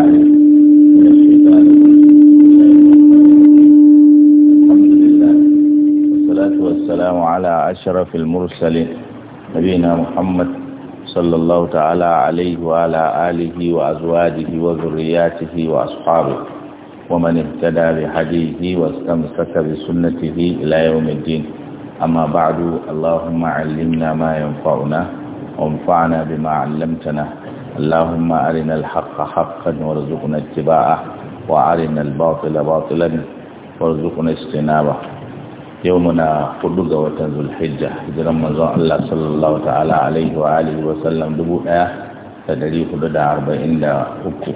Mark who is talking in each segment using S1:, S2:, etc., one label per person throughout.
S1: العالمين والسلام على أشرف المرسلين نبينا محمد صلى الله تعالى عليه وعلى آله وأزواجه وذرياته وأصحابه ومن اهتدى بحديثه واستمسك بسنته إلى يوم الدين أما بعد اللهم علمنا ما ينفعنا وانفعنا بما علمتنا اللهم أرنا الحق حقا وارزقنا اتباعه وأرنا الباطل باطلا وارزقنا اجتنابه يومنا قدوغ وتنزو الحجة إذن رمضان الله صلى الله تعالى عليه وآله وسلم دبوء تدري حدود أربعين دا أكو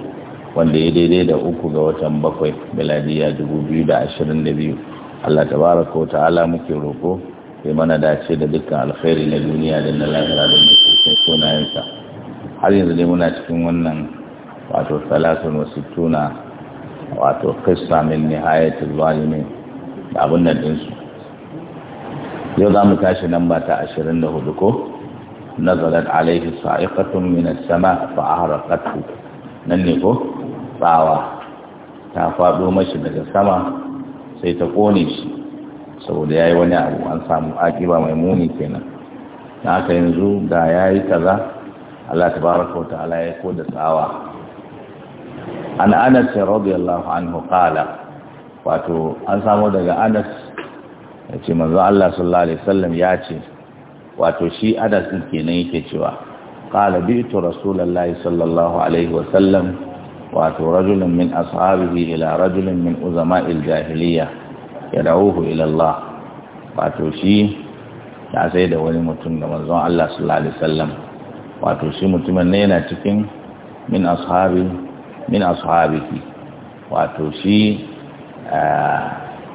S1: wanda ya daidai da uku ga watan bakwai miladiya dubu biyu da ashirin da biyu Allah tabaraka wa ta'ala muke roƙo ya mana dace da duka alkhairi na duniya da na lahira da mutum sunayensa har yanzu dai muna cikin wannan wato talatin wasu tuna wato kista min nihayatul zalimin da abin da dinsu yau za mu tashi nan ba ta ashirin da hudu ko nazalat alaihi sa'iqatun min as-sama fa ahraqathu nan ne ko tsawa ta faɗo mashi daga sama sai ta kone shi saboda yayi wani abu an samu akiba mai muni kenan na aka yanzu da yayi kaza Allah tabaraka wa ta'ala ko da tsawa an Anas radiyallahu anhu qala wato an samu daga Anas yace manzo Allah sallallahu alaihi wasallam ya ce wato shi Anas din kenan yake cewa qala bi'tu rasulullahi sallallahu alaihi wasallam wato rajulun min ashabihi ila rajulin min uzama'il jahiliya yad'uhu ila Allah wato shi ya sai da wani mutum da manzon Allah sallallahu alaihi wasallam wato shi mutumin ne yana cikin min ashabi min ashabiki wato shi eh,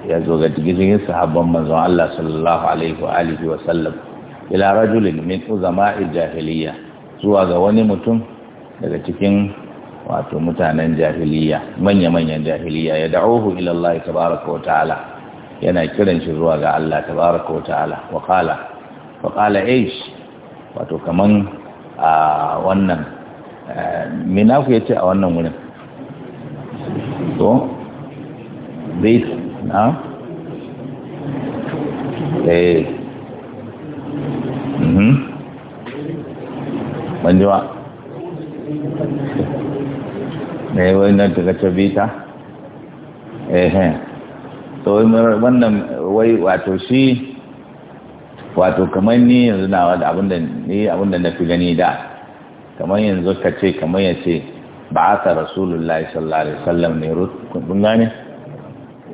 S1: ya zo ga cikin sahabban manzon Allah sallallahu alaihi wa alihi wa sallam ila rajulin min uzama'i jahiliya zuwa ga wani mutum daga cikin wato mutanen jahiliya manya-manyan jahiliya ya da'uhu ila Allah tabaraka wa ta'ala yana kiran shi zuwa ga Allah tabaraka wa ta'ala wa qala wa qala aish wato kaman a wannan eh, minaku ya ce a wannan wurin to this na eh mhm banjuwa ne eh, wannan daga bita eh eh to wannan wai wato shi wato kamar ni yanzu na wada abinda ni abinda na fi gani da kamar yanzu ka ce kamar ya ce ba ta rasulullah sallallahu alaihi wasallam ne rukun gane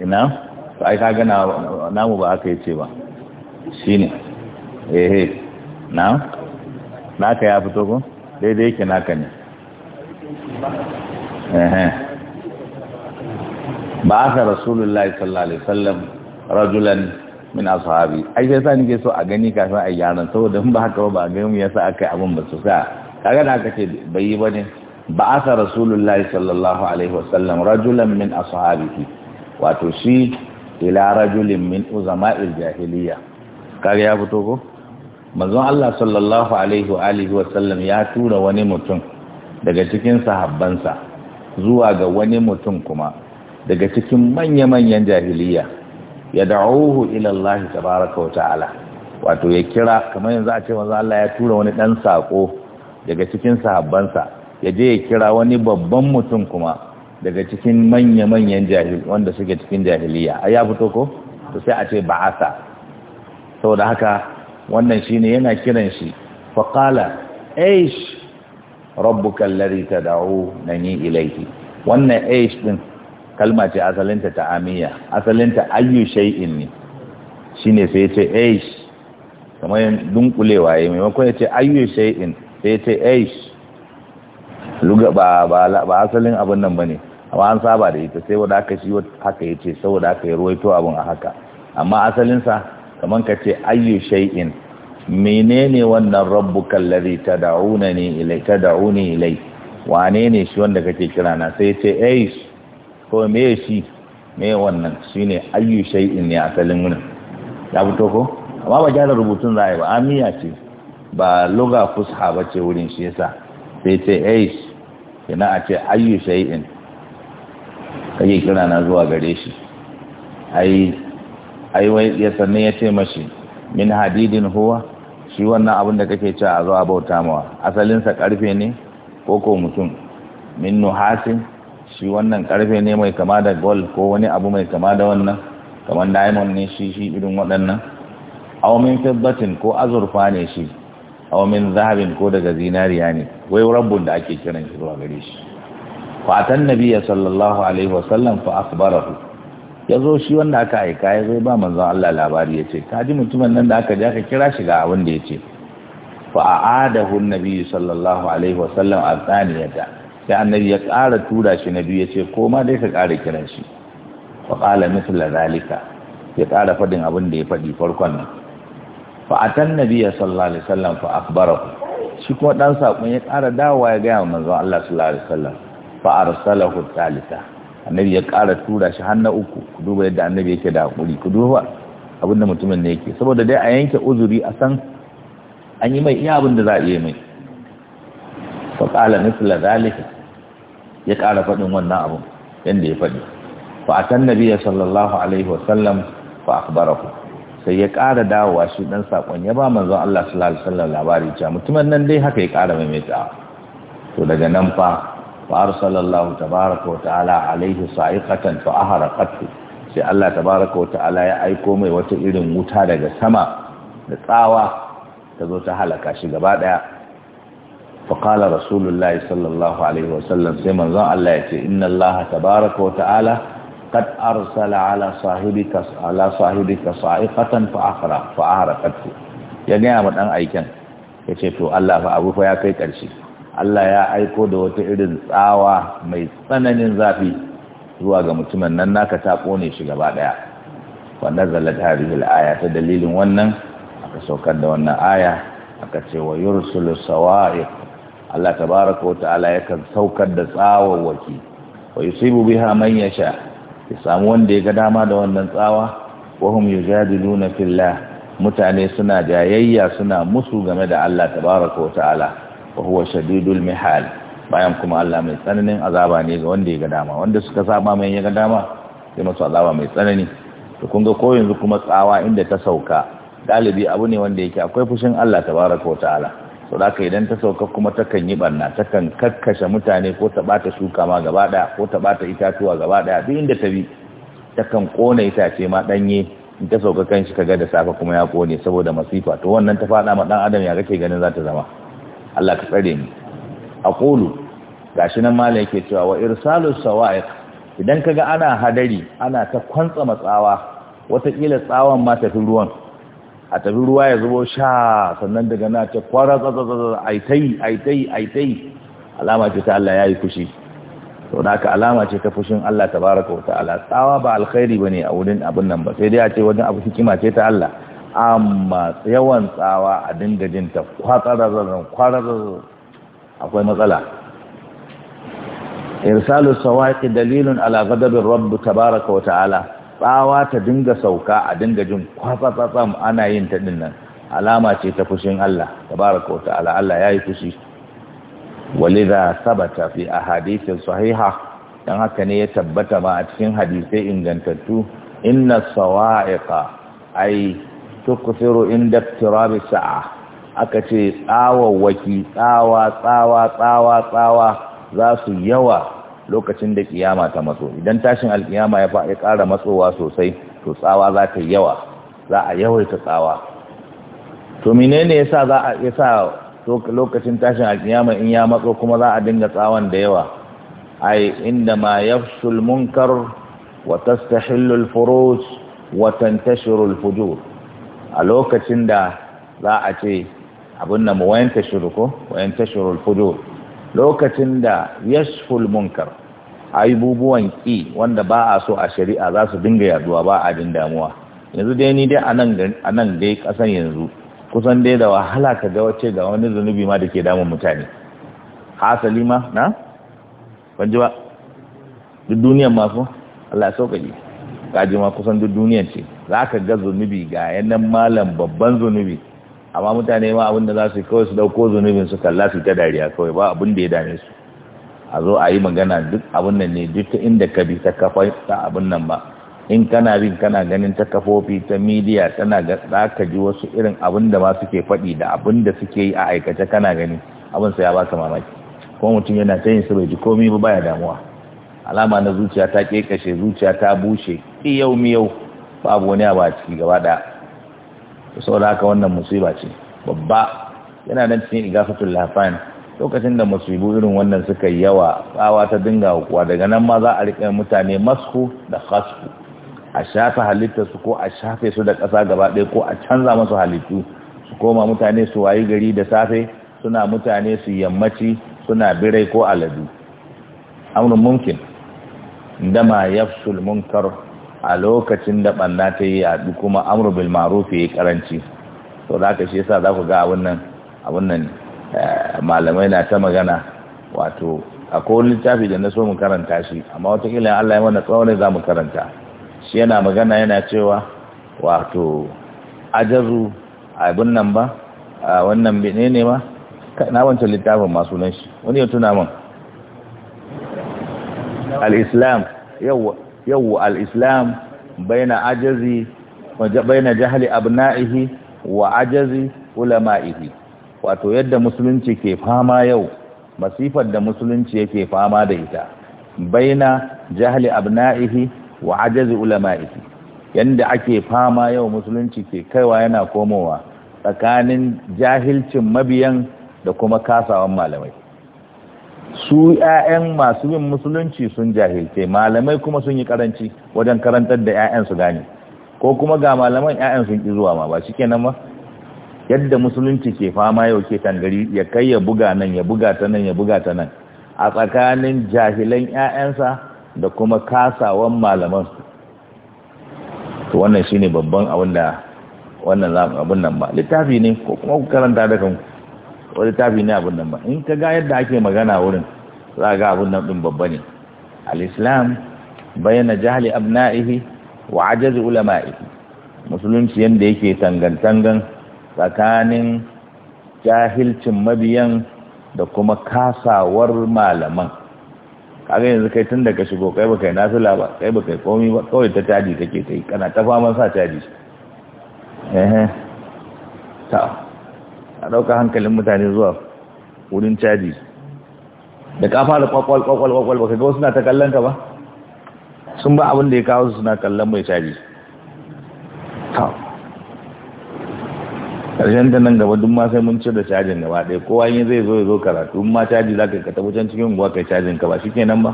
S1: ina to ai kaga na namu ba aka yace ba shine eh eh na naka ya fito ko daidai yake naka ne eh, eh. ba ta rasulullah sallallahu alaihi wasallam rajulan min ashabi ai sai sa nake so a gani kafin a yaran saboda in ba haka ba ga mu yasa aka kai abun ba su sa kaga da aka ce bai yi bane ba asa rasulullahi sallallahu alaihi wasallam rajulan min ashabihi wato shi ila rajulin min uzama'il jahiliya kaga ya fito ko manzon Allah sallallahu alaihi wa alihi wasallam ya tura wani mutum daga cikin sahabbansa zuwa ga wani mutum kuma daga cikin manya-manyan jahiliya ya da'uhu ila Allah tabaraka wa ta'ala wato ya kira kamar yanzu a ce manzo Allah ya tura wani dan sako daga cikin sahabbansa ya je ya kira wani babban mutum kuma daga cikin manya-manyan jahil wanda suke cikin jahiliya ai ya fito ko to sai a ce ba'asa saboda haka wannan shine yana kiran shi fa qala aish rabbuka alladhi tad'u nani ilayhi wannan aish din kalma ce asalinta ta amiya asalinta ayyu shay'in ne shine sai yace aish kamar dunkulewa yayi maimakon yace ayyu shay'in sai yace aish luga ba ba asalin abin nan bane amma an saba da ita sai wanda aka shi haka yace saboda aka yi ruwaito abin a haka amma asalinsa kamar ka ce ayyu shay'in menene wannan rabbuka allazi tad'unani ilai tad'uni ilai wane ne shi wanda kake kirana sai yace aish ko me shi me wannan shine ayyu shay'in ne asalin wurin ya fito ko amma ba gyara rubutun za a yi ba amiya ce ba loga fusha ba ce wurin shi yasa sai ce aish ina a ce ayyu shay'in kake kira na zuwa gare shi ai wai ya sanne ya ce mashi min hadidin huwa shi wannan abin da kake cewa a zo bauta mawa asalinsa karfe ne ko ko mutum min nuhasin shi wannan karfe ne mai kama da gold ko wani abu mai kama da wannan kamar diamond ne shi shi irin waɗannan aumin fiddatin ko azurfa ne shi aumin zahabin ko daga zinariya ne wai rabbun da ake kiran shi zuwa gare shi fatan nabiya sallallahu alaihi wasallam fa akhbarahu zo shi wanda aka aika yazo ba manzon Allah labari ce, ka ji mutumin nan da aka ja ka kira shi ga abin da ya ce. fa aadahu an-nabi sallallahu alaihi wasallam al-thaniyata sai annabi ya ƙara tura shi na biyu ya ce ko ma dai ka ƙara kiran shi fa qala mithla zalika ya ƙara faɗin abin da ya faɗi farkon nan fa atan nabiyya sallallahu alaihi wasallam fa akhbarahu shi kuma dan sakon ya ƙara dawowa ya ga manzon Allah sallallahu alaihi wasallam fa arsalahu thalitha annabi ya ƙara tura shi har na uku ku duba yadda annabi yake da hakuri ku duba abin da mutumin ne yake saboda dai a yanke uzuri a san an yi mai iya abin da za a iya mai fa qala mithla zalika ya ƙara faɗin wannan abu yadda ya faɗi fa a san nabiya sallallahu alaihi wasallam fa akhbarahu sai ya ƙara dawowa shi ɗan saƙon ya ba manzon Allah sallallahu alaihi wasallam labari cewa mutumin nan dai haka ya ƙara mai maimaita to daga nan fa fa arsalallahu tabaraka wa ta'ala alaihi sa'iqatan fa aharaqatu sai Allah tabaraka wa ta'ala ya aiko mai wata irin wuta daga sama da tsawa ta zo ta halaka shi gaba ɗaya. فقال رسول الله صلى الله عليه وسلم سيما ظن الله يتي إن الله تبارك وتعالى قد أرسل على صاحبك على صاحبك صاعقة فأخرى فأعرفته يجي أمد أن أيكن يتي الله فأبو فيا كي ترشي Allah ya aiko da wata irin tsawa mai tsananin zafi zuwa ga mutumin nan naka ta kone shi gaba ɗaya. wannan zallat hadhihi al-aya ta dalilin wannan aka saukar da wannan aya aka ce wa Allah tabaraka wa ta'ala yakan saukar da tsawawaki wa yusibu biha man yasha ya samu wanda ya ga dama da wannan tsawa wa hum yujadiluna fillah mutane suna jayayya suna musu game da Allah tabaraka wa ta'ala wa huwa shadidul mihal bayan kuma Allah mai tsananin azaba ne ga wanda ya ga dama wanda suka saba mai ya ga dama sai masu azaba mai tsanani to kun ga ko yanzu kuma tsawa inda ta sauka galibi abu ne wanda yake akwai fushin Allah tabaraka wa ta'ala so da ka idan ta sauka kuma ta kan yi barna kan kakkashe mutane ko ta bata shuka ma gaba daya ko ta bata itatuwa gaba daya duk inda ta bi ta kan kona itace ma danye in ta sauka kan shi kaga da safa kuma ya kone saboda masifa to wannan ta fada ma dan adam ya kake ganin za ta zama Allah ka tsare ni aqulu gashi nan malai yake cewa wa irsalus sawa'iq idan kaga ana hadari ana ta kwantsa matsawa wataƙila tsawon ma ruwan a tafi ruwa ya zubo sha sannan daga na ta kwara tsatsatsatsa aitai aitai aitai alama ce ta Allah ya yi fushi sau da aka alama ce ta fushin Allah ta baraka wa ta'ala tsawa ba alkhairi ba ne a wurin abin nan ba sai dai a ce wajen abu hikima ce ta Allah amma yawan tsawa a dinga jin ta kwatsatsatsa kwaratsatsa akwai matsala irsalu sawaqi dalilun ala ghadabi rabb tabaraka wa ta'ala tsawa ta dinga sauka a dinga jin kwatsatsam ana yin ta din nan alama ce ta fushin Allah tabaraka wa ta'ala Allah yi fushi walidha sabata fi ahadithin sahiha dan haka ne ya tabbata ma a cikin hadisai ingantattu inna sawa'iqa ai tukthiru inda iqtirab sa'a aka ce waki tsawa tsawa tsawa tsawa za su yawa lokacin da kiyama ta matso idan tashin alkiyama ya fa ya ƙara matsowa sosai to tsawa za ta yawa za a yawaita tsawa to menene yasa za a yasa lokacin tashin alkiyama in ya matso kuma za a dinga tsawon da yawa ai inda ma ya munkar wa tastahillu al-furuj wa tantashiru al-fujur a lokacin da za a ce abin nan wayan tashiru ko wayan tashiru fujur lokacin da yashful munkar abubuwan ki wanda ba a so a shari'a za su dinga yaduwa ba a abin damuwa yanzu dai ni dai a nan dai kasan yanzu kusan dai da wahala ka ga wace ga wani zunubi ma da ke damun mutane hasali ma na? ji ba duk duniyan masu Allah sauƙaƙi kaji ma kusan duk duniyan ce za ka ga zunubi ga yanan malam babban zunubi amma mutane ma abinda za su kawai su dauko zunubin su kalla su ta dariya kawai ba abin da ya dame su a zo a yi magana duk abin nan ne duk inda ka bi ta kafa ta abin nan ba in kana bin kana ganin ta kafofi ta midiya tana ga ka ji wasu irin abin da ma suke faɗi da abin da suke yi a aikace kana gani abin sa ya baka mamaki kuma mutum yana ta yin bai ji komai ba baya damuwa alama na zuciya ta kekashe zuciya ta bushe mi miyau babu wani abu a ciki gaba ɗaya saboda haka wannan musiba ce babba yana nan cikin igafatul lafani lokacin da musibu irin wannan suka yi yawa tsawa ta dinga hukuwa daga nan ma za a riƙe mutane masku da khasku a shafe halittarsu ko a shafe su da ƙasa gaba ɗaya ko a canza masu halittu su koma mutane su wayi gari da safe suna mutane su yammaci suna birai ko aladu amrun mumkin ma yafsul munkar a lokacin da banna ta yi yaɗu kuma amru bil ma'ruf yayi karanci to zaka shi yasa zaku ga abun nan abun nan Eh, malamai na ta magana wato akwai wani littafi da na so mu karanta shi amma kila Allah ya mana tsawon za mu karanta shi yana magana yana cewa wato ajazu abin nan ba a wannan bene ne ma na wancan littafin masu nan shi wani ya tuna min al-islam yau al-islam baina ajazi baina jahli abna'ihi wa ajazi ulama'ihi wato yadda musulunci ke fama yau masifar da musulunci yake fama da ita baina jahli abna'ihi wa ajazi ulama'ihi yanda ake fama yau musulunci ke kaiwa yana komowa tsakanin jahilcin mabiyan da kuma kasawan malamai su ƴaƴan masu yin musulunci sun jahilce malamai kuma sun yi karanci wajen karantar da ƴaƴan su gane ko kuma ga malaman 'ya'yan sun ki zuwa ma ba shikenan ba yadda musulunci ke fama yau ke tangari ya kai ya buga nan ya buga ta nan ya buga ta nan a tsakanin jahilan 'ya'yansa da kuma kasawan malaman to wannan shine babban abin da wannan abin nan ba littafi ne ko kuma karanta da kanku ko littafi ne abin nan ba in ka ga yadda ake magana wurin za ga abin nan din babba ne al-islam bayyana jahli abna'ihi wa ajazi ulama'ihi musulunci yanda yake tangantangan tsakanin jahilcin mabiyan da kuma kasawar malaman kaga yanzu kai tun daga shigo kai ba kai nasila ba kai ba kai komi ba kawai ta caji take ta yi kana ta faman sa caji ehe ta a ɗauka hankalin mutane zuwa wurin caji da ka fara kwakwal kwakwal kwakwal baka ga wasu na ta kallon ka ba sun ba abin da ya kawo su suna kallon mai caji ta karshen ta nan gaba duk ma sai mun ci da cajin gaba ɗaya kowa yin zai zo ya zo karatu duk ma caji za ka ka tafi can cikin unguwa kai cajin ka ba shi ke nan ba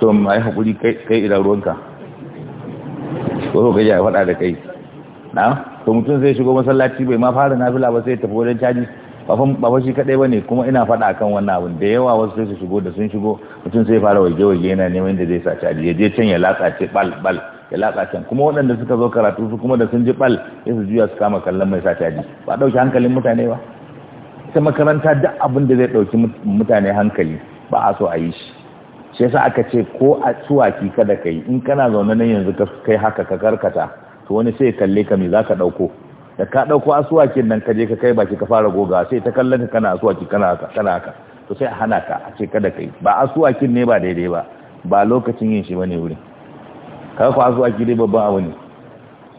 S1: to ma yi haƙuri kai idan ruwanka ko so kai ya faɗa da kai na to mutum zai shigo masallaci bai ma fara nafila ba sai tafi wajen caji ba fa shi kadai ne kuma ina faɗa akan wannan abin da yawa wasu sai su shigo da sun shigo mutum sai fara waje waje yana neman da zai sa caji ya je can ya latsa ce bal bal ya latsa can kuma waɗanda suka zo karatu su kuma da sun ji bal ya su juya su kama kallon mai sata ji ba ɗauki hankalin mutane ba sai makaranta duk abin da zai ɗauki mutane hankali ba a so a yi shi shi yasa aka ce ko a tsuwaki kada ka yi in kana zaune nan yanzu ka kai haka ka karkata to wani sai kalle ka me za ka ɗauko da ka ɗauko asuwakin nan ka je ka kai baki ka fara goga sai ta kallon ka kana asuwaki kana haka kana haka to sai a hana ka a ce kada ka yi, ba asuwakin ne ba daidai ba ba lokacin yin shi bane wurin kaga ko azu akide babban abu ne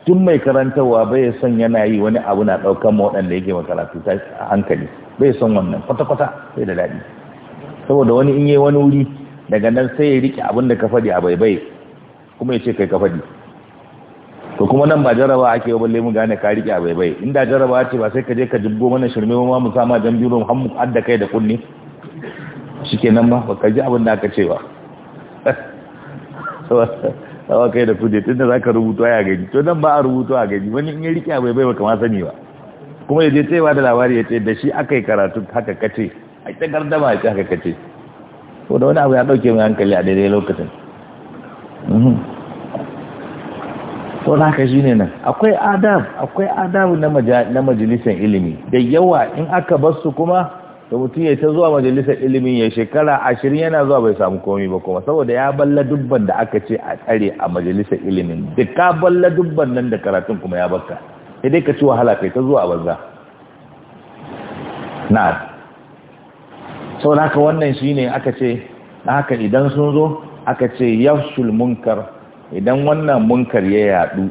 S1: tun mai karantarwa bai son yana yi wani abu na ɗaukar ma waɗanda yake makaratu ta hankali bai son wannan kwata-kwata sai da daɗi saboda wani in yi wani wuri daga nan sai ya riƙe abin da ka faɗi a baibai kuma ya ce kai ka faɗi to kuma nan ba jaraba ake yau balle mu gane ka riƙe a baibai inda jaraba ce ba sai ka je ka jibgo mana shirme ma mu sama jan biro har adda kai da kunne ke nan ba ba ka ji abin da aka ce ba sawa kai da kuje tunda za ka rubuto ya gani to nan ba a rubuto a gani wani in ya rike abai bai baka sani ba kuma yaje je tsayawa da labari ya ce da shi aka yi karatu haka kace a ita gardama ya ce haka kace ko da wani abu ya dauke mai hankali a daidai lokacin mhm. to na ka shine nan akwai adab akwai adab na majalisan ilimi da yawa in aka bar su kuma da mutum ya ta zuwa majalisar ilimin ya shekara ashirin yana zuwa bai samu komi ba kuma saboda ya balla dubban da aka ce a tsare a majalisar ilimin da ka balla dubban nan da karatun kuma ya baka sai dai ka ci wahala kai ta zuwa banza na sau da haka wannan shi ne aka ce da haka idan sun zo aka ce yafsul munkar idan wannan munkar ya yadu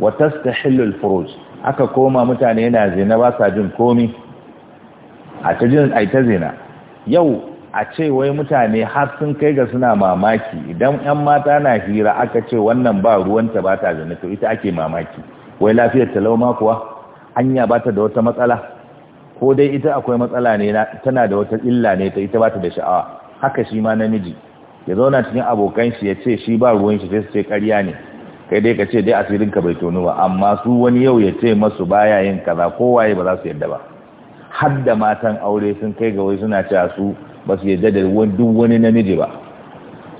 S1: wa tastahillul furuj aka koma mutane yana zina ba sa jin komi a ta jin a ta zina yau a ce wai mutane har sun kai ga suna mamaki idan yan mata na hira aka ce wannan ba ruwanta ba ta zina to ita ake mamaki wai lafiyar talauma kuwa anya ba ta da wata matsala ko dai ita akwai matsala ne tana da wata illa ne ta ita ba ta da sha'awa haka shi ma namiji ya zauna cikin abokan shi ya ce shi ba ruwan shi sai su ce ƙarya ne kai dai ka ce dai asirinka bai tonu ba amma su wani yau ya ce masu baya yin kaza kowaye ba za su yadda ba har da matan aure sun kai ga wai suna cewa su ba su yarda da duk wani namiji ba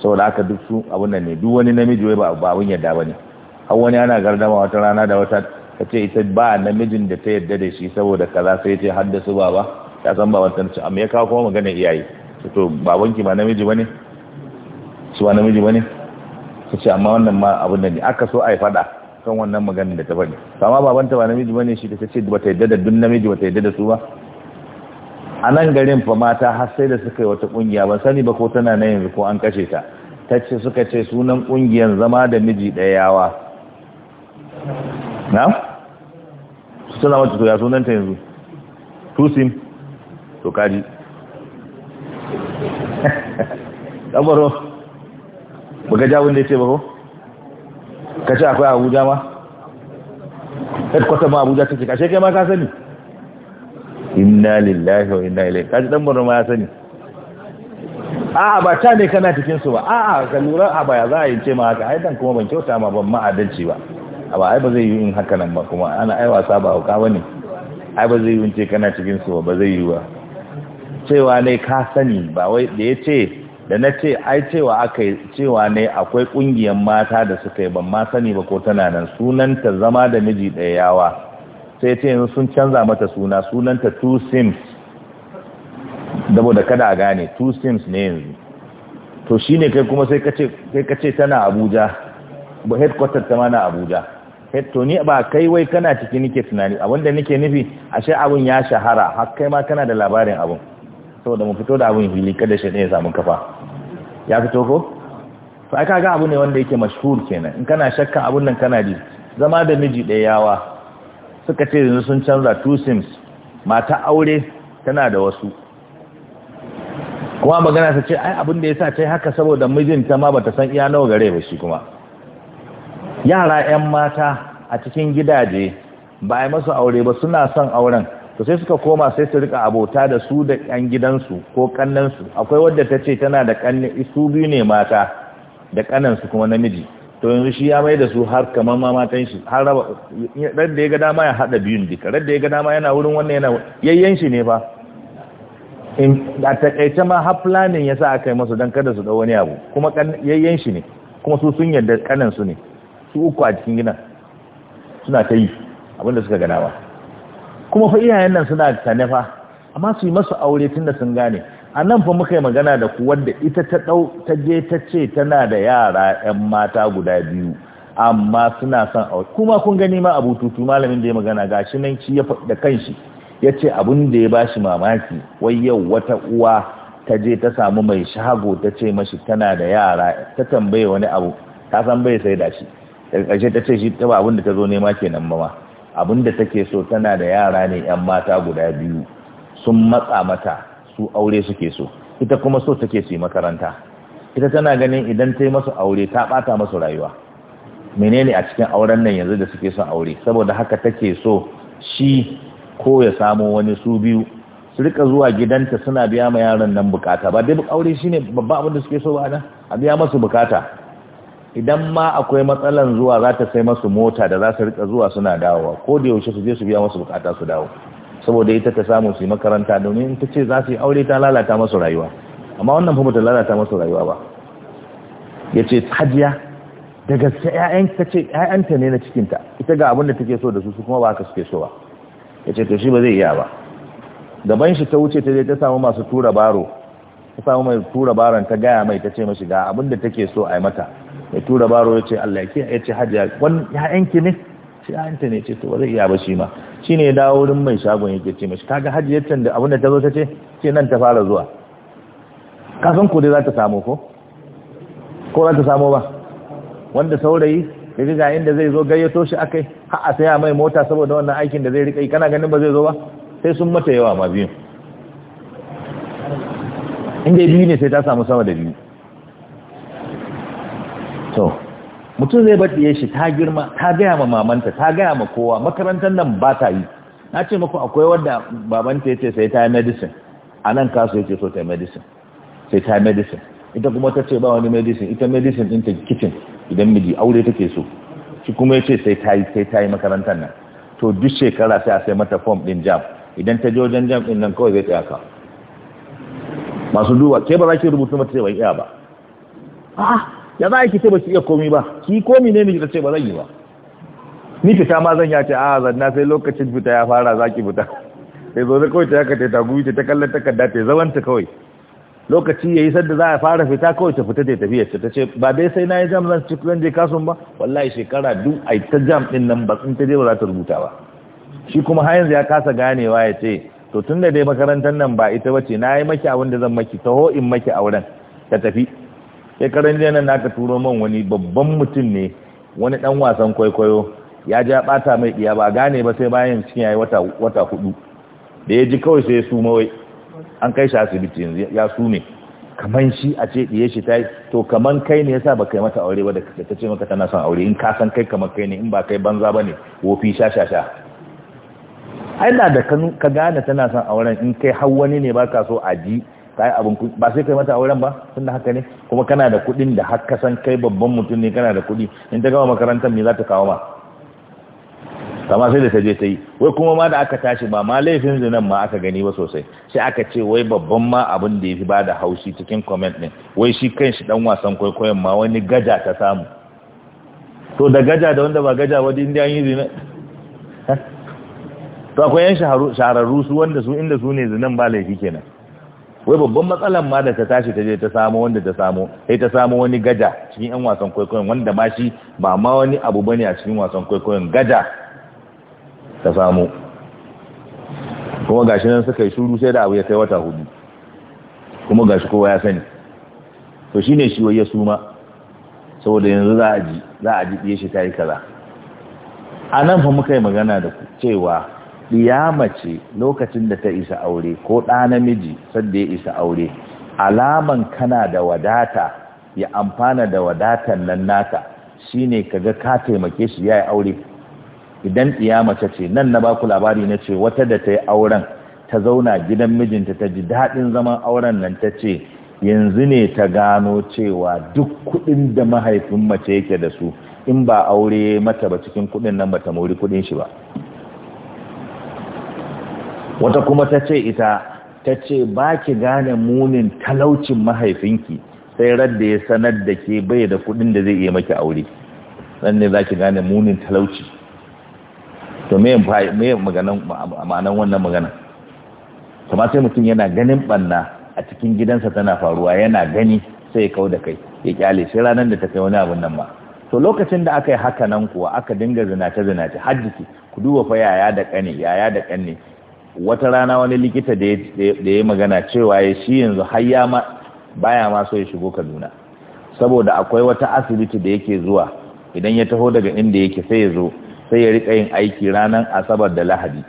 S1: saboda haka duk su abun ne duk wani namiji wai ba abun yarda ba ne har wani ana gardama wata rana da wata ta ce ita ba namijin da ta yarda da shi saboda kaza sai ce har da su ba. ta san ba wata ce amma ah, ya kawo kuma magana iyaye to babanki ba namiji ba ne su ba namiji ba ne ta ce amma wannan ma abun nan ne aka so a yi faɗa kan wannan maganin da ta bane amma babanta ba namiji ba ne shi da ta ce bata yadda da duk namiji ba ta yadda da su ba a nan garin fa mata har sai da suka yi wata kungiya ban sani ba ko tana nan yanzu ko an kashe ta ta ce suka ce sunan kungiyan zama da miji ɗaya yawa na? suna tana to ya sunan ta yanzu tusim to kaji ɗabaro ba ga jawon da ya ce ba ko? ka ce akwai abuja ma? headquarter ma abuja ta ce kashe kai ma ka sani inna lillahi wa inna ilaihi kaji dan borno ya sani a'a ba ta ne kana cikin su ba a'a ka lura a baya za a yi ce ma haka ai dan kuma ban kyauta ma ban ma'adalci ba ba ai ba zai yi in haka nan ba kuma ana ai wasa ba hauka bane ai ba zai yi in ce kana cikin su ba zai yi ba cewa ne ka sani ba wai da ya ce da na ce ai cewa aka yi cewa ne akwai kungiyar mata da suka yi ban ma sani ba ko tana nan sunanta zama da miji ɗaya yawa sai ce yanzu sun canza mata suna sunanta two sims da kada a gane two sims ne yanzu to shi ne kai kuma sai ka ce tana abuja ba headquarter ta mana abuja to ni ba kai wai kana ciki nike tunani abinda nike nufi ashe abin ya shahara har kai ma kana da labarin abin saboda mu fito da abin hili kada shi ne ya samu kafa ya fito ko to aka ga abu ne wanda yake mashhur kenan in kana shakkan abun nan kana ji zama da miji ɗaya yawa suka ce yanzu sun canza two sims mata aure tana da wasu kuma magana ta ce ai abinda ya sa ta yi haka saboda mijinta ma ba ta san iya nawa gare ba shi kuma yara 'yan mata a cikin gidaje ba a yi masu aure ba suna son auren to sai suka koma sai su rika abota da su da 'yan gidansu ko kannansu akwai wadda ta ce tana da kanni su biyu ne mata da kannansu kuma namiji to yanzu shi ya mai da su har kamar ma matan shi har raba ɗan da ya ga dama ya hada biyun duka ɗan da ya ga dama yana wurin wannan yana yayyan shi ne fa a taƙaice ma har planning sa aka yi masu don kada su da wani abu kuma yayyan shi ne kuma su sun yarda kanan su ne su uku a cikin gina suna ta yi abinda suka ba kuma fa iyayen nan suna tane fa amma su yi masu aure tun da sun gane a nan fa muka yi magana da ku wadda ita ta ɗau ta je ta ce tana da yara 'yan mata guda biyu amma suna son a wasu. kuma kun gani ma abu tutu malamin da ya magana ga shi nan ci ya da kanshi ya ce abin da ya ba shi mamaki wai yau wata uwa ta je ta samu mai shago ta ce mashi tana da yara ta tambaye wani abu ta san bai sai da shi daga ƙarshe ta ce shi ta ba abin da ta zo nema kenan mama abin da take so tana da yara ne yan mata guda biyu sun matsa mata su aure suke so ita kuma so take su yi makaranta ita tana ganin idan ta yi masu aure ta bata masu rayuwa menene a cikin auren nan yanzu da suke son aure saboda haka take so shi ko ya samo wani su biyu su rika zuwa gidanta suna biya ma yaran nan bukata ba dai aure shine babba abin da suke so ba nan a biya masu bukata idan ma akwai matsalan zuwa za ta sai masu mota da za su rika zuwa suna dawowa ko da yaushe su je su biya masu bukata su dawo saboda ita ta samu su makaranta domin ta ce za su yi aure ta lalata masu rayuwa amma wannan fa ta lalata masu rayuwa ba ya ce hajiya da gaske ce ya'yanta ne na cikinta ita ga abin da take so da su su kuma ba ka suke so ba ya ce to shi ba zai iya ba gaban shi ta wuce ta je ta samu masu tura baro ta samu mai tura baron ta gaya mai ta ce mashi ga abin da take so a yi mata mai tura baro ya ce Allah ya ce hajiya wani 'ya'yanki ne sai ayanta ne ce to ba iya ba shi ma shi ne ya dawo wurin mai shagon yake ce mashi kaga hajiyar da abinda ta zo ta ce ce nan ta fara zuwa kasan ko dai za ta samu ko ko za ta samu ba wanda saurayi ya ga da zai zo gayyato shi akai ha a saya mai mota saboda wannan aikin da zai rika kana ganin ba zai zo ba sai sun mata yawa ma biyu inda biyu ne sai ta samu sama da biyu mutum zai bar ɗiyar shi ta girma ta gaya ma mamanta ta gaya ma kowa makarantar nan ba ta yi na ce maku akwai wadda babanta ya ce sai ta yi medicine a nan kasu ya ce so ta yi medicine sai ta yi medicine ita kuma ta ce ba wani medicine ita medicine ɗin ta kitchen idan miji aure take so shi kuma ya ce sai ta yi sai ta yi makarantar nan to duk shekara sai a sai mata form ɗin jam idan ta je wajen jam ɗin nan kawai zai tsaya ka masu duba ke ba za ki rubuta mata ce bai iya ba a'a ya za ki ce ba su iya komi ba ki komi ne ne ta ce ba zan yi ba ni fita ma zan ya ce a ah, zanna sai lokacin fita ya fara za fita sai zo da kawai ta yaka ta gubi ta kallon takarda ta ta kawai lokaci ya yi sadda za a fara fita kawai ta fita ta tafiya ta ce ba dai sai na yi jam zan ci zan je kasun ba wallahi shekara duk a ta jam din nan ba sun ta je ba za ta rubuta ba shi kuma har yanzu ya kasa ganewa ya ce to tun da dai makarantar nan ba ita ce na yi maki abin da zan maki taho in maki auren ta tafi shekaran jiya nan naka turo man wani babban mutum ne wani dan wasan kwaikwayo ya ja bata mai iya ba gane ba sai bayan cikin yayi wata wata hudu da ya ji kawai sai ya suma an kai shi asibiti yanzu ya sume kaman shi a ce diye shi yi to kaman kai ne yasa ba kai mata aure ba da ta ce maka tana son aure in ka san kai kaman kai ne in ba kai banza ba ne wofi sha sha sha ai da ka gane tana son auren in kai har wani ne baka so a ji kai abin ba sai kai mata auren ba tunda haka ne kuma kana da kuɗin da har san kai babban mutum ne kana da kuɗi in ta gama makarantar me za ta kawo ma kama sai da ta je ta yi wai kuma ma da aka tashi ba ma laifin zinan ma aka gani ba sosai sai aka ce wai babban ma abin da ya fi ba da haushi cikin comment ɗin wai shi kan shi ɗan wasan kwaikwayon ma wani gaja ta samu to da gaja da wanda ba gaja ba din da yi zina to akwai yan shahararru su wanda su inda su ne zinan ba laifi kenan wai babban matsalan ma da ta tashi ta je ta samo wanda ta samo sai ta samo wani gaja cikin yan wasan kwaikwayon wanda ma shi ba ma wani abu bane a cikin wasan kwaikwayon gaja ta samo kuma gashi nan suka yi shuru sai da abu ya kai wata hudu kuma gashi kowa ya sani to shine shi wai ya suma saboda yanzu za a ji za a ji shi ta yi kaza a nan fa muka yi magana da cewa ɗiya ce lokacin da ta isa aure ko ɗa namiji sadda ya isa aure alaman kana da wadata ya amfana da wadatan nan naka shine kaga ka taimake shi ya yi aure idan ɗiya mace ce nan na baku labari na ce wata da ta yi auren ta zauna gidan mijinta ta ji daɗin zaman auren nan ta ce yanzu ne ta gano cewa duk kuɗin da mahaifin mace yake da su in ba aure mata ba cikin kuɗin nan ba ta mori kuɗin shi ba wata kuma ta ce ita ta ce ba ki gane munin talaucin mahaifinki sai radda ya sanar da ke bai da kudin da zai iya maki aure dan ne za ki gane munin talauci to me maganan ma'anan wannan magana kuma sai mutum yana ganin banna a cikin gidansa tana faruwa yana gani sai ya kau da kai ya kyale sai ranar da ta kai wani abun nan ma to lokacin da aka yi haka nan kuwa aka dinga zinace zinace har ku duba fa yaya da kane yaya da kane wata rana wani likita da ya magana cewa ya shi yanzu har ya ma baya ma so ya shigo Kaduna saboda akwai wata asibiti da yake zuwa idan ya taho daga inda yake sai ya zo sai ya rika yin aiki ranar asabar da lahadi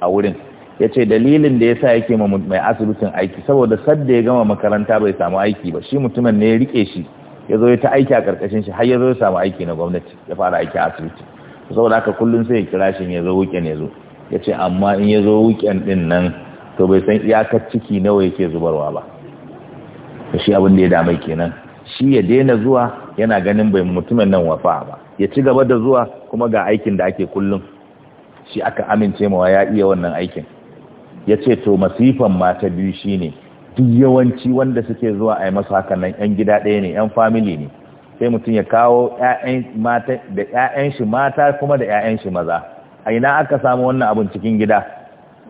S1: a wurin ya ce dalilin da ya sa yake mai asibitin aiki saboda sadda ya gama makaranta bai samu aiki ba shi mutumin ne ya rike shi ya zo ya ta aiki a karkashin shi har ya zo ya samu aiki na gwamnati ya fara aiki a asibiti saboda haka kullum sai ya kira shi ya zo wuken ya zo ya ce amma in ya zo weekend din nan to bai san iyakar ciki nawa yake zubarwa ba da shi abin da ya damai kenan shi ya daina zuwa yana ganin bai mutumin nan wafa ba ya ci gaba da zuwa kuma ga aikin da ake kullum shi aka amince mawa ya iya wannan aikin ya ce to masifan mata biyu shi ne. duk yawanci wanda suke zuwa a yi masu hakan nan yan gida ɗaya ne yan famili ne sai mutum ya kawo 'ya'yan mata da 'ya'yan shi mata kuma da 'ya'yan shi maza a ina aka samu wannan abin cikin gida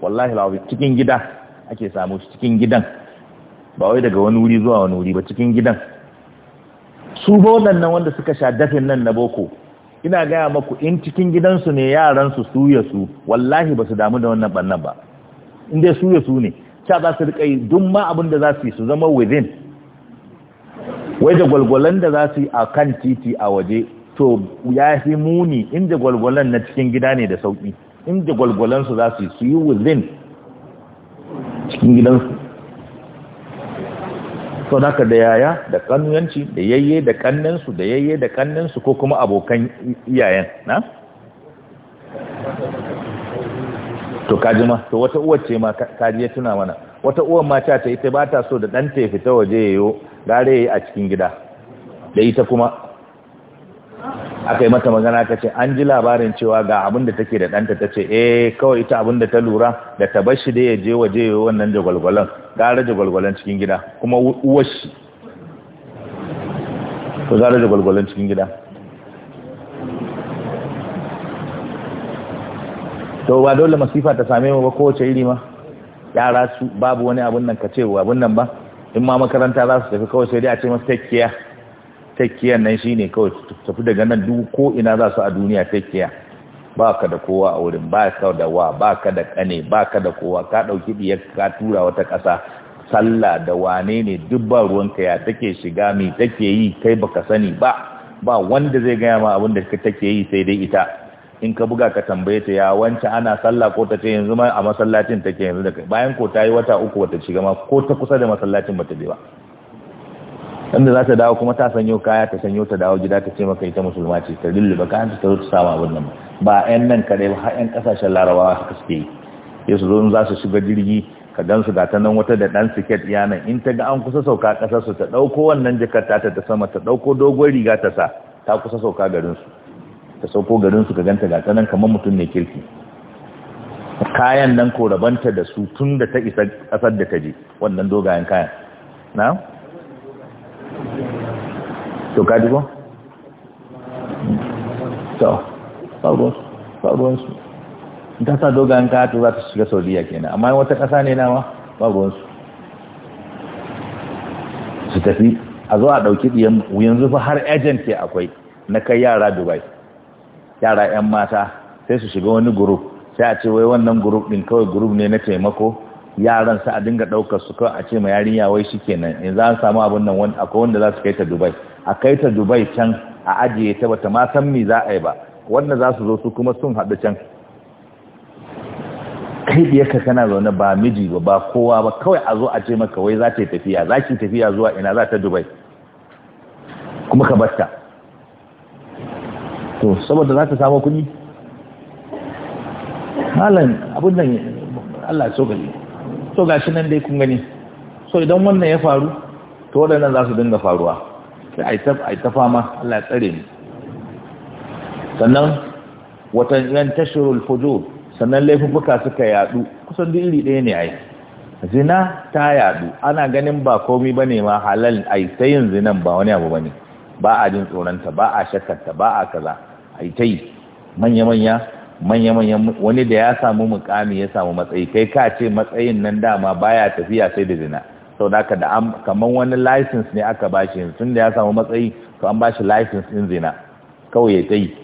S1: wallahi la'abin cikin gida ake samu shi cikin gidan ba wai daga wani wuri zuwa wani wuri ba cikin gidan su ba waɗannan wanda suka sha dafin nan na boko ina gaya maku in cikin gidansu ne yaransu su ya su wallahi ba su damu da wannan ɓannan ba in dai su ya su ne sha za su riƙa yi duk ma abin da za su yi su zama within wai da gwalgwalan da za su yi a kan titi a waje to ya fi muni inda gwalgwalan na cikin gida ne da sauƙi inda su za su yi su yi within cikin gidansu sau naka da yaya da kanuyanci da yayye da kannansu da yayye da kannansu ko kuma abokan iyayen na? to kaji ma to wata uwa ce ma kaji ya tuna mana wata uwar ma ta ita ba ta so da ɗanta ya fita waje yayo gare a cikin gida da ita kuma aka yi mata magana ka ce an ji labarin cewa ga abin da take da ɗanta ta ce eh kawai ita abin da ta lura da ta bar shi da ya je waje ya wannan jagwalgwalon gara jagwalgwalon cikin gida kuma uwar shi ko gara jagwalgwalon cikin gida to ba dole masifa ta same mu ba kowace iri ma yara su babu wani abun nan ka ce abun nan ba in ma makaranta za su tafi kawai sai dai a ce masu take care tekkiyan nan shi shine kawai tafi daga nan duk ko ina za su a duniya takkiya ba ka da kowa a wurin ba ka da wa ba ka da kane ba ka da kowa ka ɗauki biya ka tura wata ƙasa sallah da wane ne duk ba ruwanka ya take shiga mai take yi kai baka sani ba ba wanda zai gaya ma abin da take yi sai dai ita in ka buga ka tambaye ta ya wancan ana sallah ko ta ce yanzu ma a masallacin take yanzu da kai bayan ko ta yi wata uku wata shiga ma ko ta kusa da masallacin ba ta je ba wanda za ta dawo kuma ta sanyo kaya ta sanyo ta dawo gida ta ce maka ita musulma ce ta ba kayan ta rutu sama abin nan ba yan nan kadai ba har yan kasashen larabawa haka suke yi ya su zo za su shiga jirgi ka dan su gata nan wata da dan siket ya in ta ga an kusa sauka kasar su ta dauko wannan jakar ta ta sama ta dauko dogon riga ta sa ta kusa sauka garin su ta sauko garin su ka ganta gata nan kamar mutum ne kirki kayan nan ko rabanta da su tun da ta isa kasar da ta je wannan dogayen kayan na to ka ji to babu babu ta sa dogon ka to za ta shiga saudiya kenan amma wata ƙasa ne nawa babu su su tafi a zo a ɗauki ɗiyan yanzu fa har agent ke akwai na kai yara dubai yara 'yan mata sai su shiga wani group sai a ce wai wannan group ɗin kawai group ne na taimako yaran sa a dinga ɗaukar su kawai a ce ma yarinya wai shi kenan in za samu abin nan akwai wanda za su kai ta dubai a kai ta dubai can a ajiye ta bata ma san me za a yi ba wanda za su zo su kuma sun haɗu can kai biyarka kana zaune ba miji ba ba kowa ba kawai a zo a ce maka wai za ta yi tafiya za ki tafiya zuwa ina za ta dubai kuma ka batta to saboda za ta samu kuɗi malam abin nan Allah so gani so gashi nan dai kun gani so idan wannan ya faru to waɗannan za su dinga faruwa sai a yi ta fama Allah tsare ni. sannan watan yan tashirul fujur sannan laifuka suka yadu kusan duk iri ɗaya ne ai zina ta yadu ana ganin ba komai bane ma halal ai sai yin zinan ba wani abu bane ba a jin tsoronta ba a shakarta ba a kaza ai ta yi manya-manya manya wani da ya samu mukami ya samu matsayi kai ka ce matsayin nan dama baya tafiya sai da zina sau da da kamar wani license ne aka bashi tun da ya samu matsayi to an bashi license din zina kawai ya tsayi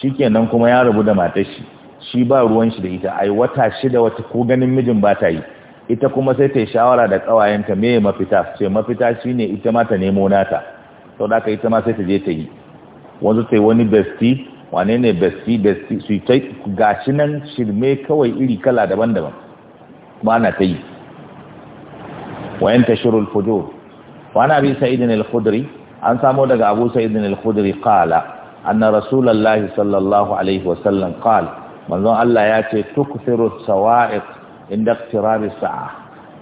S1: shi kenan kuma ya rabu da matar shi shi ba ruwan shi da ita ai wata shida wata ko ganin mijin ba ta yi ita kuma sai ta yi shawara da kawayenta me mafita ce mafita shine ita ma ta nemo nata sau da ita ma sai ta je ta yi wanzu ta wani besti wane ne besti besti su yi ta gashi nan shirme kawai iri kala daban-daban mana ta yi wa yantashiru al-fujur wa ana bi sa'id al-khudri an samu daga abu sa'id al-khudri qala anna rasulullahi sallallahu alaihi wa sallam qala manzon Allah ya ce tukfiru sawa'iq inda iqtirabi sa'a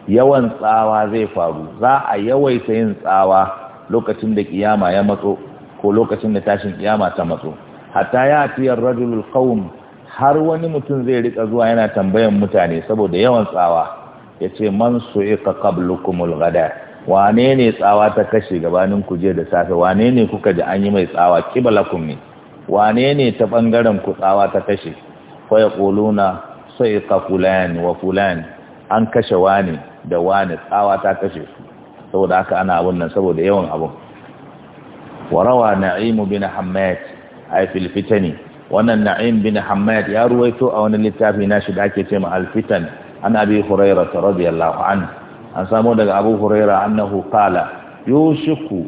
S1: yawan tsawa zai faru za a yawaita yin tsawa lokacin da kiyama ya matso ko lokacin da tashin kiyama ta matso Hata ya atiyar rajulul qawm har wani mutum zai rika zuwa yana tambayan mutane saboda yawan tsawa ya ce man kablu kumul gada wane ne tsawa ta kashe gabanin kuje da safe wane ne kuka ji an yi mai tsawa kibala kumi wane ne ta bangaren ku tsawa ta kashe fa yaquluna ika fulan wa fulan an kashe wane da wane tsawa ta kashe su saboda haka ana abun nan saboda yawan abun warawa Na'imu bin hamad a fil wannan na'im bin hamad ya ruwaito a wani littafi na shi da ake ce ma alfitan an abi hurairah radiyallahu anhu an samo daga abu huraira annahu qala yushiku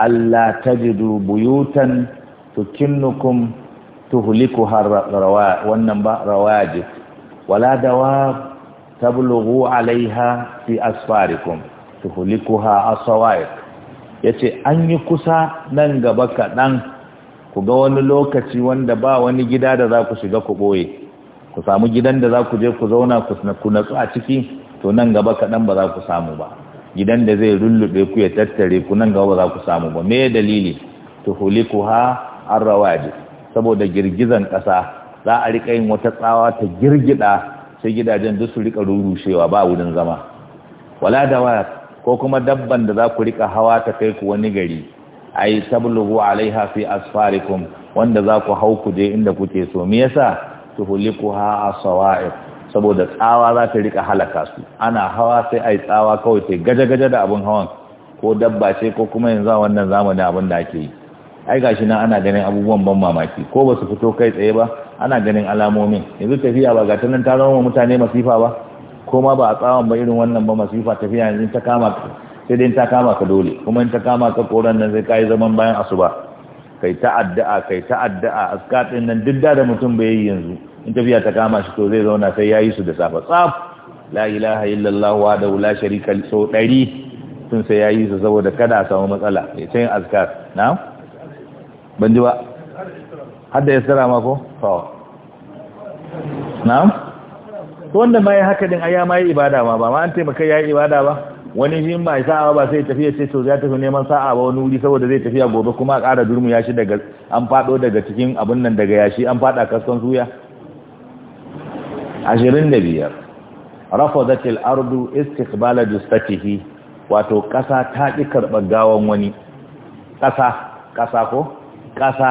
S1: alla tajidu buyutan tukinnukum tuhlikuha rawa wannan ba rawaji wala dawa tablughu alaiha fi asfarikum tuhlikuha asawaiq yace an yi kusa nan gaba kaɗan ku ga wani lokaci wanda ba wani gida da za ku shiga ku ɓoye ku samu gidan da za ku je ku zauna ku natsu a ciki to nan gaba kaɗan ba za ku samu ba gidan da zai rullube ku ya tattare ku nan gaba ba za ku samu ba me dalili tuhulikuha arrawaji saboda girgizan ƙasa za a rika yin wata tsawa ta girgida sai gidajen duk su rika rurushewa ba wurin zama wala dawa ko kuma dabban da za ku rika hawa ta kai ku wani gari ai tablughu alaiha fi asfarikum wanda za ku hau ku je inda kuke so me yasa tuhulikuha as-sawa'iq saboda tsawa za ta rika halaka su ana hawa sai ai tsawa kawai sai gaje-gaje da abin hawan ko dabba ce ko kuma yanzu a wannan zamanin abin da ake yi ai gashi nan ana ganin abubuwan ban mamaki ko ba su fito kai tsaye ba ana ganin alamomin yanzu tafiya ba ga ta nan ta zama wa mutane masifa ba ko ma ba a tsawon ba irin wannan ba masifa tafiya yanzu ta kama ka. sai dai ta kama ka dole kuma in ta kama ka koran nan sai ka yi zaman bayan asuba kai ta addu'a kai ta addu'a azkar din nan duk da mutum bai yi yanzu in tafiya ta kama shi to zai zauna sai yayi su da safa tsaf la ilaha illallah wa da la sharika so 100 tun sai yayi su saboda kada samu matsala sai yin azkar na ban ji ba har da yasara ma ko to na to wanda mai ya haka din aya ma yi ibada ma ba ma an taimaka yayi ibada ba wani shi mai sa'a ba sai tafiya ce to ya tafi neman sa'a ba wani wuri saboda zai tafiya gobe kuma a ƙara durmu yashi daga an faɗo daga cikin abin nan daga yashi an faɗa kaskon suya ashirin da biyar rafazatil ardu istiqbala justatihi wato ƙasa ta ƙi karɓar gawan wani ƙasa ƙasa ko ƙasa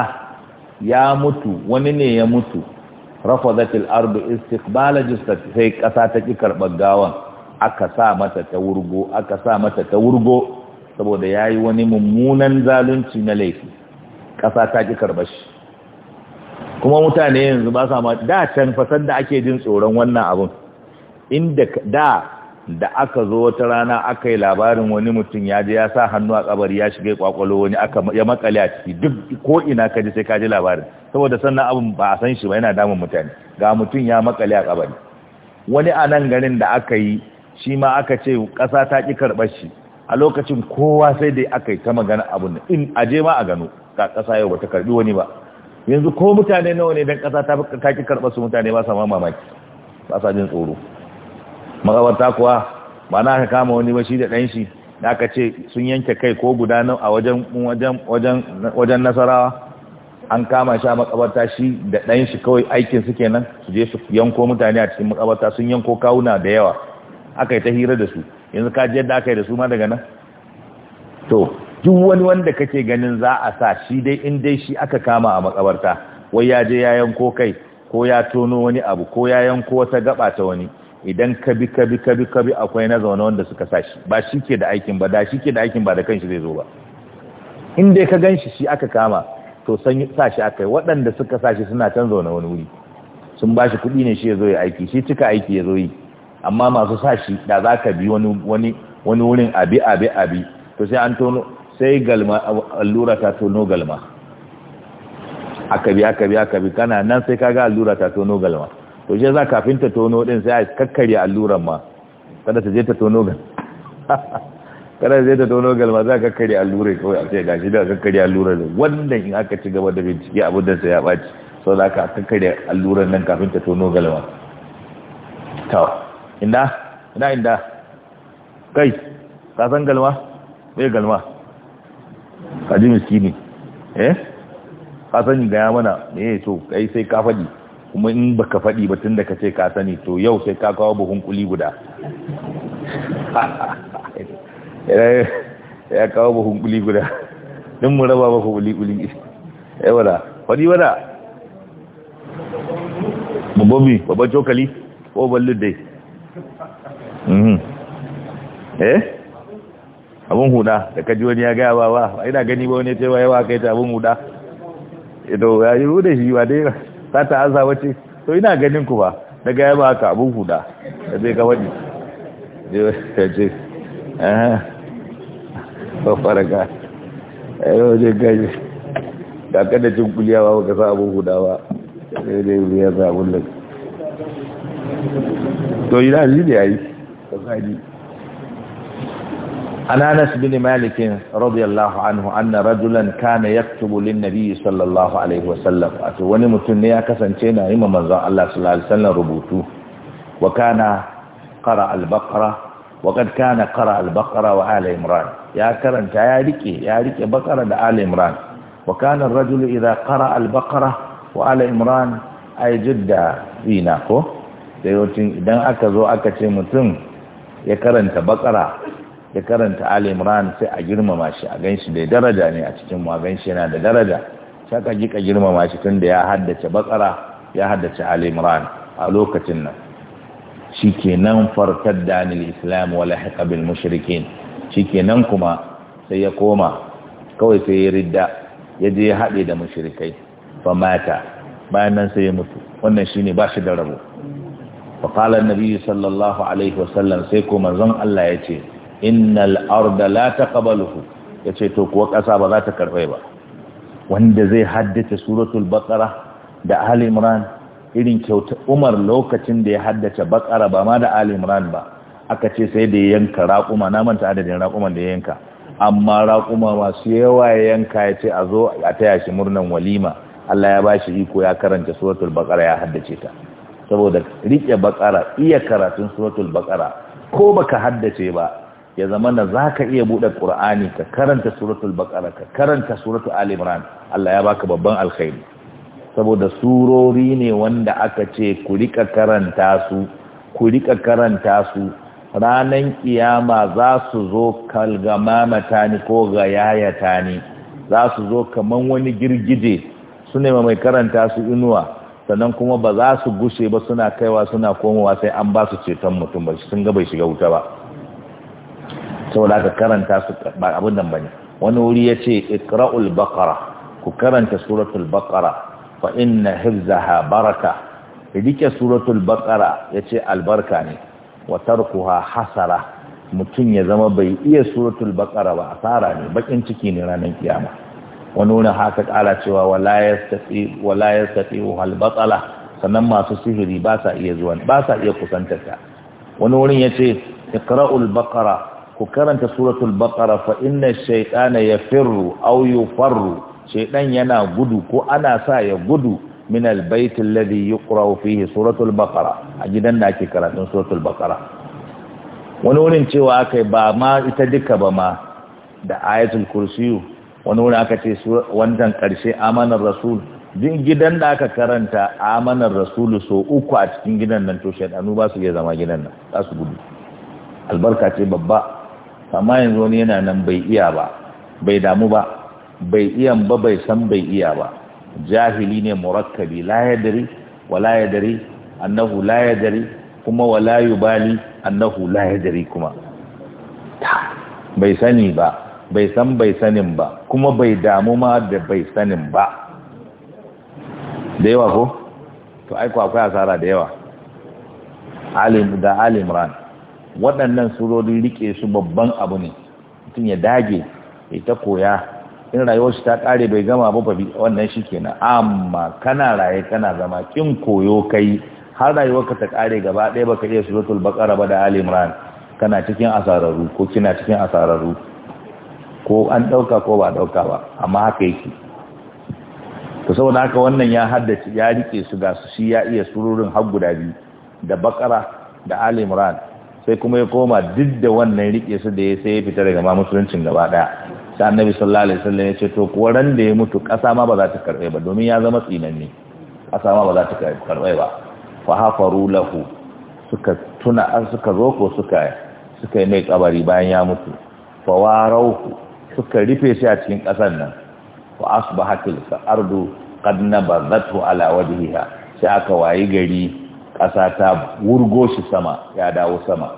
S1: ya mutu wani ne ya mutu rafazatil ardu istiqbala ta sai ƙasa ta ƙi karɓar gawan aka sa mata ta wurgo aka sa mata ta wurgo saboda yayi wani mummunan zalunci na laifi ƙasa ta ki karbar shi kuma mutane yanzu ba sa ma da can fasar da ake jin tsoron wannan abun inda da da aka zo wata rana aka yi labarin wani mutum ya je ya sa hannu a kabari ya shiga kwakwalo wani aka ya makale a ciki duk ko ina ka ji sai ka ji labarin saboda sannan abun ba a san shi ba yana damun mutane ga mutum ya makale a kabari wani a nan garin da aka yi shi ma aka ce ƙasa ta ƙi karɓar shi a lokacin kowa sai dai aka yi ta magana abu ne in aje ma a gano ka ƙasa yau ba ta karɓi wani ba yanzu ko mutane nawa ne don ƙasa ta ƙi karɓar su mutane ba sa ma mamaki ba sa jin tsoro magabarta kuwa ba na aka kama wani ba shi da ɗan shi da aka ce sun yanke kai ko guda a wajen wajen nasarawa an kama shi a makabarta shi da ɗan kawai aikin su kenan su je su yanko mutane a cikin makabarta sun yanko kawuna da yawa aka yi ta hira da su yanzu ka ji yadda aka yi da su ma daga nan to duk wani wanda kake ganin za a sa shi dai in dai shi aka kama a makabarta wai ya je ya yanko kai ko ya tono wani abu ko ya yanko wata gaba ta wani idan kabi kabi kabi kabi akwai na zaune wanda suka sa shi ba shi ke da aikin ba da shi ke da aikin ba da kanshi zai zo ba in dai ka ganshi shi aka kama to san sa shi aka yi waɗanda suka sa suna can zaune wani wuri sun ba shi kuɗi ne shi ya zo ya aiki shi cika aiki ya zo yi amma masu sa shi da za ka bi wani wurin abi abi abi to sai an tono sai galma allura ta tono galma aka bi aka bi aka bi kana nan sai kaga allura ta tono galma to shi za kafin ta tono din sai a kakkarya alluran ma kada ta je ta tono galma kada ta je ta tono galma za ka kakkarya allurai kawai a ce gashi da kakkarya allurai wannan in aka ci gaba da bincike a da sai ya ɓaci sau da aka kakkarya alluran nan kafin ta tono galma inda inda inda kai ka san galma mai galma ka ji miskini eh ka ga ya mana eh to kai sai ka faɗi kuma in baka faɗi ba tun da ka ce ka sani to yau sai ka kawo buhun kuli guda eh, ya kawo buhun kuli guda din mu raba ku kuli kuli ya eh, wada faɗi wala babbi mi babban cokali ko ballin dai Mhm. eh abun huda da kaji wani ya gaya ba ba ina gani ba wani ce wa yawa kai ta abun huda ido eh ya yi huda shi wa dai ta ta aza ce? to ina ganin ku ba da gaya ba ka abun huda da zai ga wani zai ce eh ba faraga yi waje gaji da kada cin kuliya ba ka sa abun huda ba sai dai ya sa abun nan to ina ji ne yayi البخاري عن انس بن مالك رضي الله عنه ان رجلا كان يكتب للنبي صلى الله عليه وسلم ne ya kasance na yi manzon Allah rubutu wa kana qara al ya karanta ya rike ya rike baqara da ala imran wa kana ar wa ala imran ay ko idan aka zo aka ce mutum ya karanta bakara ya karanta al’imran sai a girmama shi a ganshi da daraja ne a cikin mu a ganshi yana da daraja sai ka ji ka girmama shi tun da ya haddace bakara ya haddace al’imran a lokacin nan shikenan fartad da anil islam wala lahiqa bil mushrikin shikenan kuma sai ya koma kawai sai ya ridda ya je ya haɗe da mushrikai fa mata bayan nan sai ya mutu wannan shine ba shi da rabo فقال النبي صلى الله عليه وسلم سيكو منظم الله يتي إن الأرض لا تقبله يتي ta أصاب ba. Wanda zai haddace suratul-baƙara da دا أهل إمران إذن كوت أمر لوكة دي حدث بقرة بما دا أهل إمران با aka ce sai da yanka raƙuma na manta adadin raƙuman da yanka amma raƙuma masu yawa ya yanka ya ce a zo a taya shi murnar walima Allah ya bashi iko ya karanta suratul baƙara ya haddace ta saboda riƙe bakara iya karatun suratul bakara ko baka haddace ba ya zama na za ka iya buɗe ƙur'ani ka karanta suratul bakara ka karanta suratul al'imran imran Allah ya baka babban alkhairi saboda surori ne wanda aka ce ku rika karanta su ku riƙa karanta su ranan kiyama za su zo kalgamamata ni ko ga yayata ni za su zo kaman wani girgije su ne mai karanta su inuwa sannan kuma ba za su gushe ba suna kaiwa suna komowa sai an ba su ceton mutum ba sun ga bai shiga wuta ba Sau da aka karanta su ba abin nan bane wani wuri ya ce ikra'ul bakara ku karanta suratul Baƙara. fa inna ha baraka rike suratul ya ce albarka ne Watar kuwa hasara mutum ya zama bai iya suratul Baƙara ba asara ne bakin ciki ne ranar kiyama wani wurin haka kala cewa wala yastati wala yastati hal sannan masu sihiri ba iya zuwa ba iya kusantar ta wani wurin yace Ikra'ul Bakara, ku karanta suratul baqara fa inna ash ya firru aw farru, shaytan yana gudu ko ana sa ya gudu min al-bayt alladhi yuqra'u fihi suratul bakara a gidan da ake karatun suratul bakara wani wurin cewa akai ba ma ita duka ba ma da ayatul kursiyu wani wuri aka ce su wancan ƙarshe amanar rasul din gidan da aka karanta amanar rasulu so uku a cikin gidan nan to shaidanu ba su iya zama gidan nan za su gudu albarka ce babba amma yanzu wani yana nan bai iya ba bai damu ba bai iya ba bai san bai iya ba jahili ne murakkabi la yadri wa la annahu la yadri kuma wa la yubali annahu la yadri kuma bai sani ba bai san bai sanin ba kuma bai damu ma da bai sanin ba da yawa ko to aiko akwai asara da yawa alim da alim ran waɗannan surori rike su babban abu ne mutum ya dage ya ta koya in rayuwarsu ta kare bai gama ba wannan shi kenan amma kana raye kana zama kin koyo kai har rayuwarka ta kare gaba ɗaya baka iya suratul baqara ba da ali kana cikin asararru ko kina cikin asararru? ko an ɗauka ko ba ɗauka ba amma haka yake to saboda haka wannan ya haddace ya rike su ga su shi ya iya sururin har guda biyu da bakara da ali imran sai kuma ya koma duk da wannan rike su da ya sai ya fita daga ma musuluncin gaba daya sai annabi sallallahu alaihi wasallam ya ce to ko ran da ya mutu kasa ma ba za ta karbe ba domin ya zama tsinanni kasa ma ba za ta karbe ba fa hafaru lahu suka tuna an suka zo ko suka suka yi mai kabari bayan ya mutu fa warauhu suka rufe shi a cikin ƙasar nan wa ka ardu qad nabadhathu ala wajhiha sai aka wayi gari ƙasa ta wurgo shi sama ya dawo sama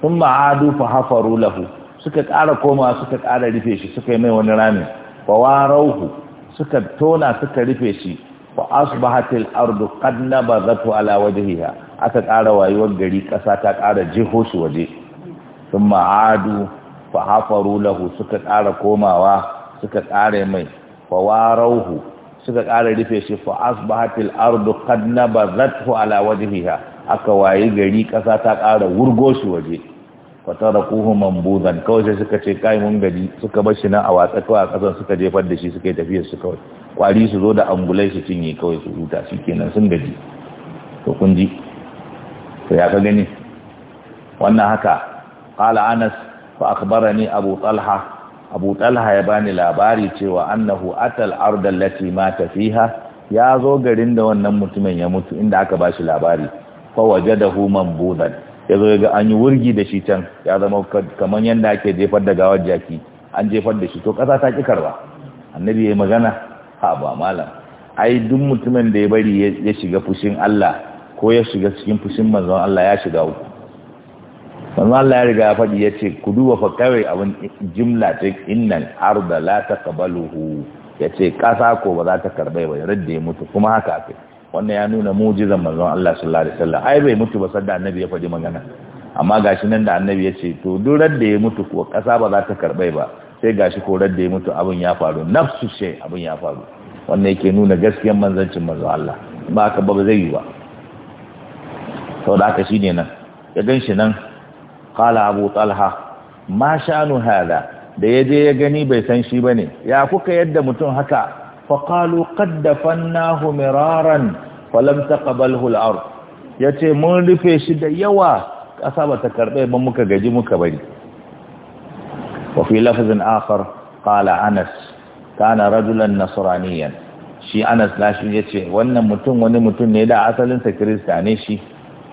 S1: sun ma'adu fa hafaru lahu suka ƙara komawa suka ƙara rufe shi suka yi mai wani rami fa warauhu suka tona suka rufe shi fa asbahatil ardu qad nabadhatu ala wajhiha aka ƙara wayuwar gari ƙasa ta ƙara jeho shi waje sun ma'adu fa hafaru lahu suka ƙara komawa suka ƙare mai fa warauhu suka ƙara rufe shi fa asbahatil ardu qad nabazathu ala wajhiha aka wayi gari kasa ta ƙara wurgo shi waje fa tarakuhu mambuzan kawai sai suka ce kai mun gari suka bar shi nan a watsa kawai a ƙasan suka jefar da shi suka yi su kawai kwari su zo da ambulai su cinye kawai su huta kenan sun gaji to kun ji to ya ka gani wannan haka qala anas fa akhbarani abu talha abu talha ya bani labari cewa annahu atal arda allati mata fiha ya zo garin da wannan mutumin ya mutu inda aka bashi labari fa wajadahu mambudan ya zo ga an yi wurgi da shi can ya zama kamar yadda ake jefar da gawar jaki an jefar da shi to kasa ta ƙi karba annabi ya yi magana ha ba malam ai duk mutumin da ya bari ya shiga fushin Allah ko ya shiga cikin fushin manzon Allah ya shiga uku sannan Allah ya riga ya faɗi ya ce ku duba fa kawai abin jimla ce innan arda la taqbaluhu ya ce ƙasa ko ba za ta karɓe ba radda ya mutu kuma haka ake wannan ya nuna mu'jizan manzon Allah sallallahu alaihi wasallam ai bai mutu ba sanda annabi ya faɗi magana amma gashi nan da annabi ya ce to duk radda ya mutu ko ƙasa ba za ta karɓe ba sai gashi ko radda ya mutu abin ya faru nafsu shi abin ya faru wannan yake nuna gaskiyar manzancin manzon Allah ba haka ba zai yi ba sau da haka shine nan ya gan shi nan Kala abu talha ma sha'anu hada da je ya gani bai san shi bane ya kuka yadda mutum haka fa qalu qad miraran falam taqbalhu al Ya yace mun rufe shi da yawa kasa bata karbe ba muka gaji muka bari Wafi lafazin afar, kala anas kana radulan nasraniyan shi anas na ya yace wannan mutum wani mutum ne da asalinsa Kirista ne shi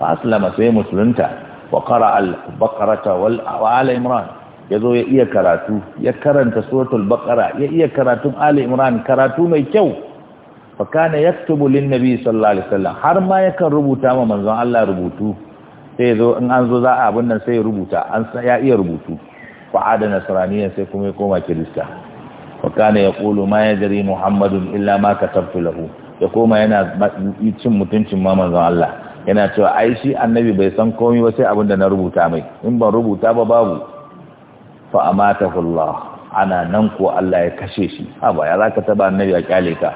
S1: fa aslama sai musulunta wa qara al-baqarata wal ala imran ya iya karatu ya karanta suratul baqara ya iya karatun ali karatu mai kyau fa kana yaktubu lin nabi sallallahu alaihi wasallam har ma yakan rubuta ma manzon Allah rubutu sai zo in an zo za a abin nan sai rubuta an ya iya rubutu fa ada nasraniyan sai kuma ya koma kirista fa kana yaqulu ma yadri muhammadun illa ma katabtu lahu ya koma yana cin mutuncin ma manzon Allah yana cewa ai shi annabi bai san komai ba sai abinda na rubuta mai in ban rubuta ba babu fa amatahu Allah ana nan ko Allah ya kashe shi ha ba ya zaka taba annabi a kyale ka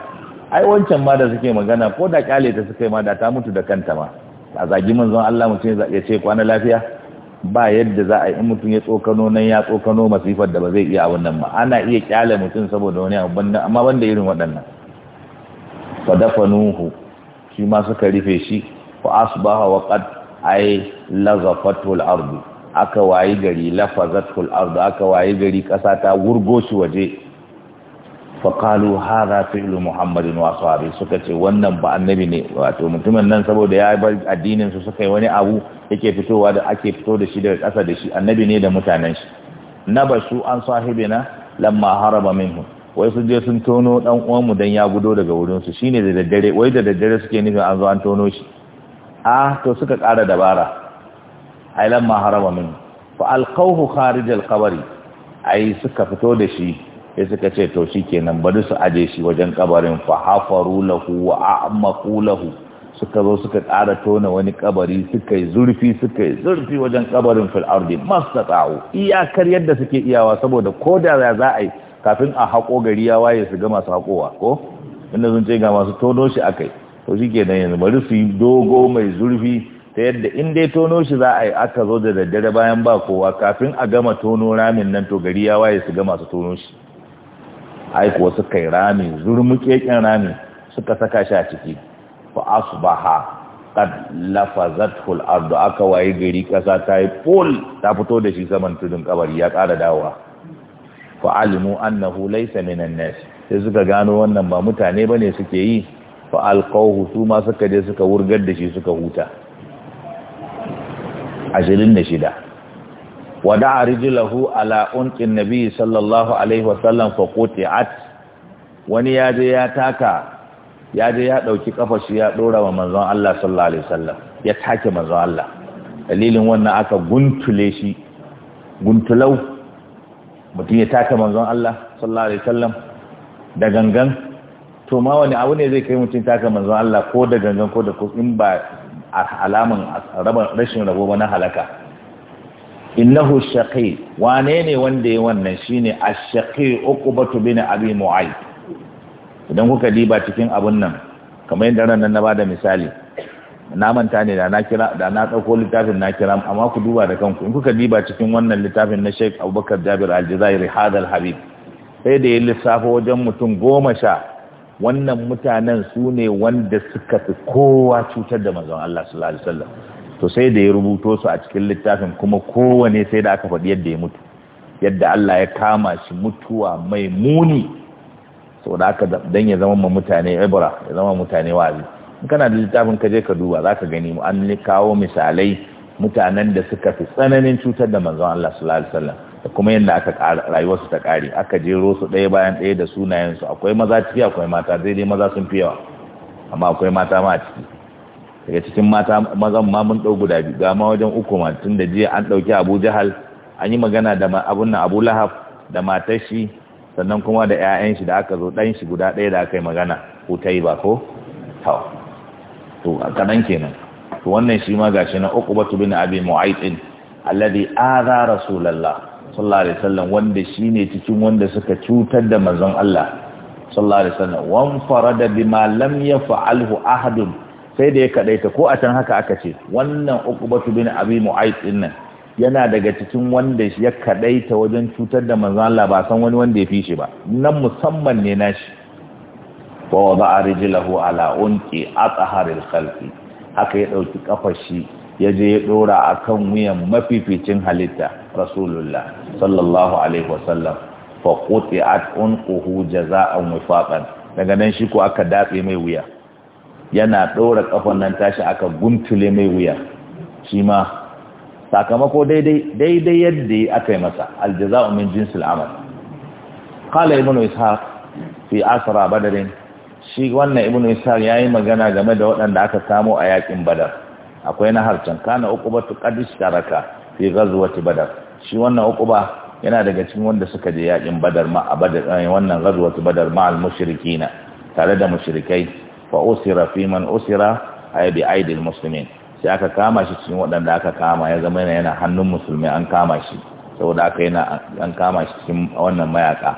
S1: ai wancan ma da suke magana ko da kyale ta suke ma da ta mutu da kanta ma a zagi mun manzon Allah mutum ya ce kwana lafiya ba yadda za a yi mutum ya tsokano nan ya tsokano masifar da ba zai iya wannan nan ana iya kyale mutum saboda wani abu amma banda irin waɗannan fa dafanuhu shi ma suka rufe shi fa asbaha wa qad ay lazafatul ardu aka wayi gari lafazatul ardu aka wayi gari kasa ta gurgo shi waje fa qalu hadha fi'lu muhammadin wa sahbi suka ce wannan ba annabi ne wato mutumin nan saboda ya bar addinin su suka yi wani abu yake fitowa da ake fito da shi daga kasa da shi annabi ne da mutanen shi Nabasu an sahibina lamma haraba minhu wai su je sun tono dan uwanmu dan ya gudo daga wurin su shine da daddare wai da daddare suke nufin an zo an tono shi ah to suka ƙara dabara ai lamma harama min fa alqawhu kharij alqabri ai suka fito da shi sai suka ce to shikenan bari su aje shi wajen kabarin fa hafaru lahu wa a'maqu lahu suka zo suka ƙara tona wani kabari suka yi zurfi suka yi zurfi wajen kabarin fil ardi mastata'u iyakar yadda suke iyawa saboda koda za a yi kafin a hako gari ya waye su ga masu hakowa ko inda sun ce ga masu tono shi akai to shi ke nan yanzu bari su yi dogo mai zurfi ta yadda in dai tono shi za a yi aka zo da daddare bayan ba kowa kafin a gama tono ramin nan to gari ya waye su gama su tono shi ai kuwa su kai rami zurmuƙeƙen rami suka saka shi a ciki fa asbaha qad lafazathu al-ardu aka waye gari kasa ta yi fol ta fito da shi saman tudun kabari ya ƙara dawa fa alimu annahu laysa minan nas sai suka gano wannan ba mutane bane suke yi fa alqahu su ma suka je suka wurgar da shi suka huta 26 wada'a rijlahu ala unqin nabi sallallahu alaihi wasallam fa quti'at wani ya je ya taka ya je ya dauki kafar shi ya dora wa manzon Allah sallallahu alaihi wasallam ya take manzon Allah dalilin wannan aka guntule shi guntulau mutum ya taka manzon Allah sallallahu alaihi wasallam da gangan to ma wani abu ne zai kai mutum taka manzon Allah ko da gangan ko da ko in ba alaman rashin rabo ba na halaka innahu shaqi wane ne wanda ya wannan shine ash-shaqi uqbatu bin abi mu'ayth idan kuka diba cikin abun nan kamar yadda ran nan na bada misali na manta ne da na kira da na dauko littafin na kira amma ku duba da kanku in kuka diba cikin wannan littafin na Sheikh Abubakar Jabir Al-Jazairi Hadal Habib sai da ya lissafo wajen mutum goma sha wannan mutanen su ne wanda suka fi kowa cutar da manzon Allah sallallahu alaihi wasallam to sai da ya rubuto su a cikin littafin kuma kowane sai da aka faɗi yadda ya mutu yadda Allah ya kama shi mutuwa mai muni saboda aka dan ya zama ma mutane ibra ya zama mutane wazi in kana da littafin ka je ka duba zaka gani mu an kawo misalai mutanen da suka fi tsananin cutar da manzon Allah sallallahu alaihi wasallam da kuma yadda aka rayuwarsu ta ƙare aka jero su ɗaya bayan ɗaya da sunayensu akwai maza ciki akwai mata zai dai maza sun fi yawa amma akwai mata ma a ciki daga cikin mata mazan ma mun ɗau guda biyu ga ma wajen uku ma tun da jiya an ɗauki abu jahal an yi magana da abun nan abu lahab da matar shi sannan kuma da 'ya'yan shi da aka zo ɗan shi guda ɗaya da aka yi magana ko ta yi ba ko tawa to a kaɗan kenan to wannan shi ma gashi na uku batu bin abi mu'aitin alladhi aza rasulallah sallallahu alaihi wasallam wanda shine cikin wanda suka cutar da manzon Allah sallallahu alaihi wasallam wan farada bima lam yaf'alhu ahadun sai da ya kadaita ko a can haka aka ce wannan uqbatu bin abi mu'ayth din nan yana daga cikin wanda ya kadaita wajen cutar da manzon Allah ba san wani wanda ya fi shi ba nan musamman ne nashi wa wada'a rijlahu ala unqi atharil khalqi haka ya dauki kafar shi ya je ya dora akan wuyan mafificin halitta rasulullah sallallahu alaihi wasallam fa quti'at unquhu jaza'an wifaqan daga nan shi ko aka datse mai wuya yana ɗora kafan nan tashi aka guntule mai wuya shi ma sakamako daidai yadda aka yi masa aljaza'u min jinsil amal qala ibnu ishaq fi asra badrin shi wannan ibnu ishaq yayi magana game da waɗanda aka samo a yakin badar akwai na harcan kana uku uqubatu qad taraka fi ghazwati badar shi wannan uquba yana daga cikin wanda suka je yakin badar ma badar eh, wannan ghazwatu badar ma al mushrikina tare da mushrikai fa usira fi man usira ay bi al muslimin sai aka kama shi cikin waɗanda aka kama ya zama yana yana hannun musulmai an kama shi saboda aka yana an kama shi cikin wannan mayaka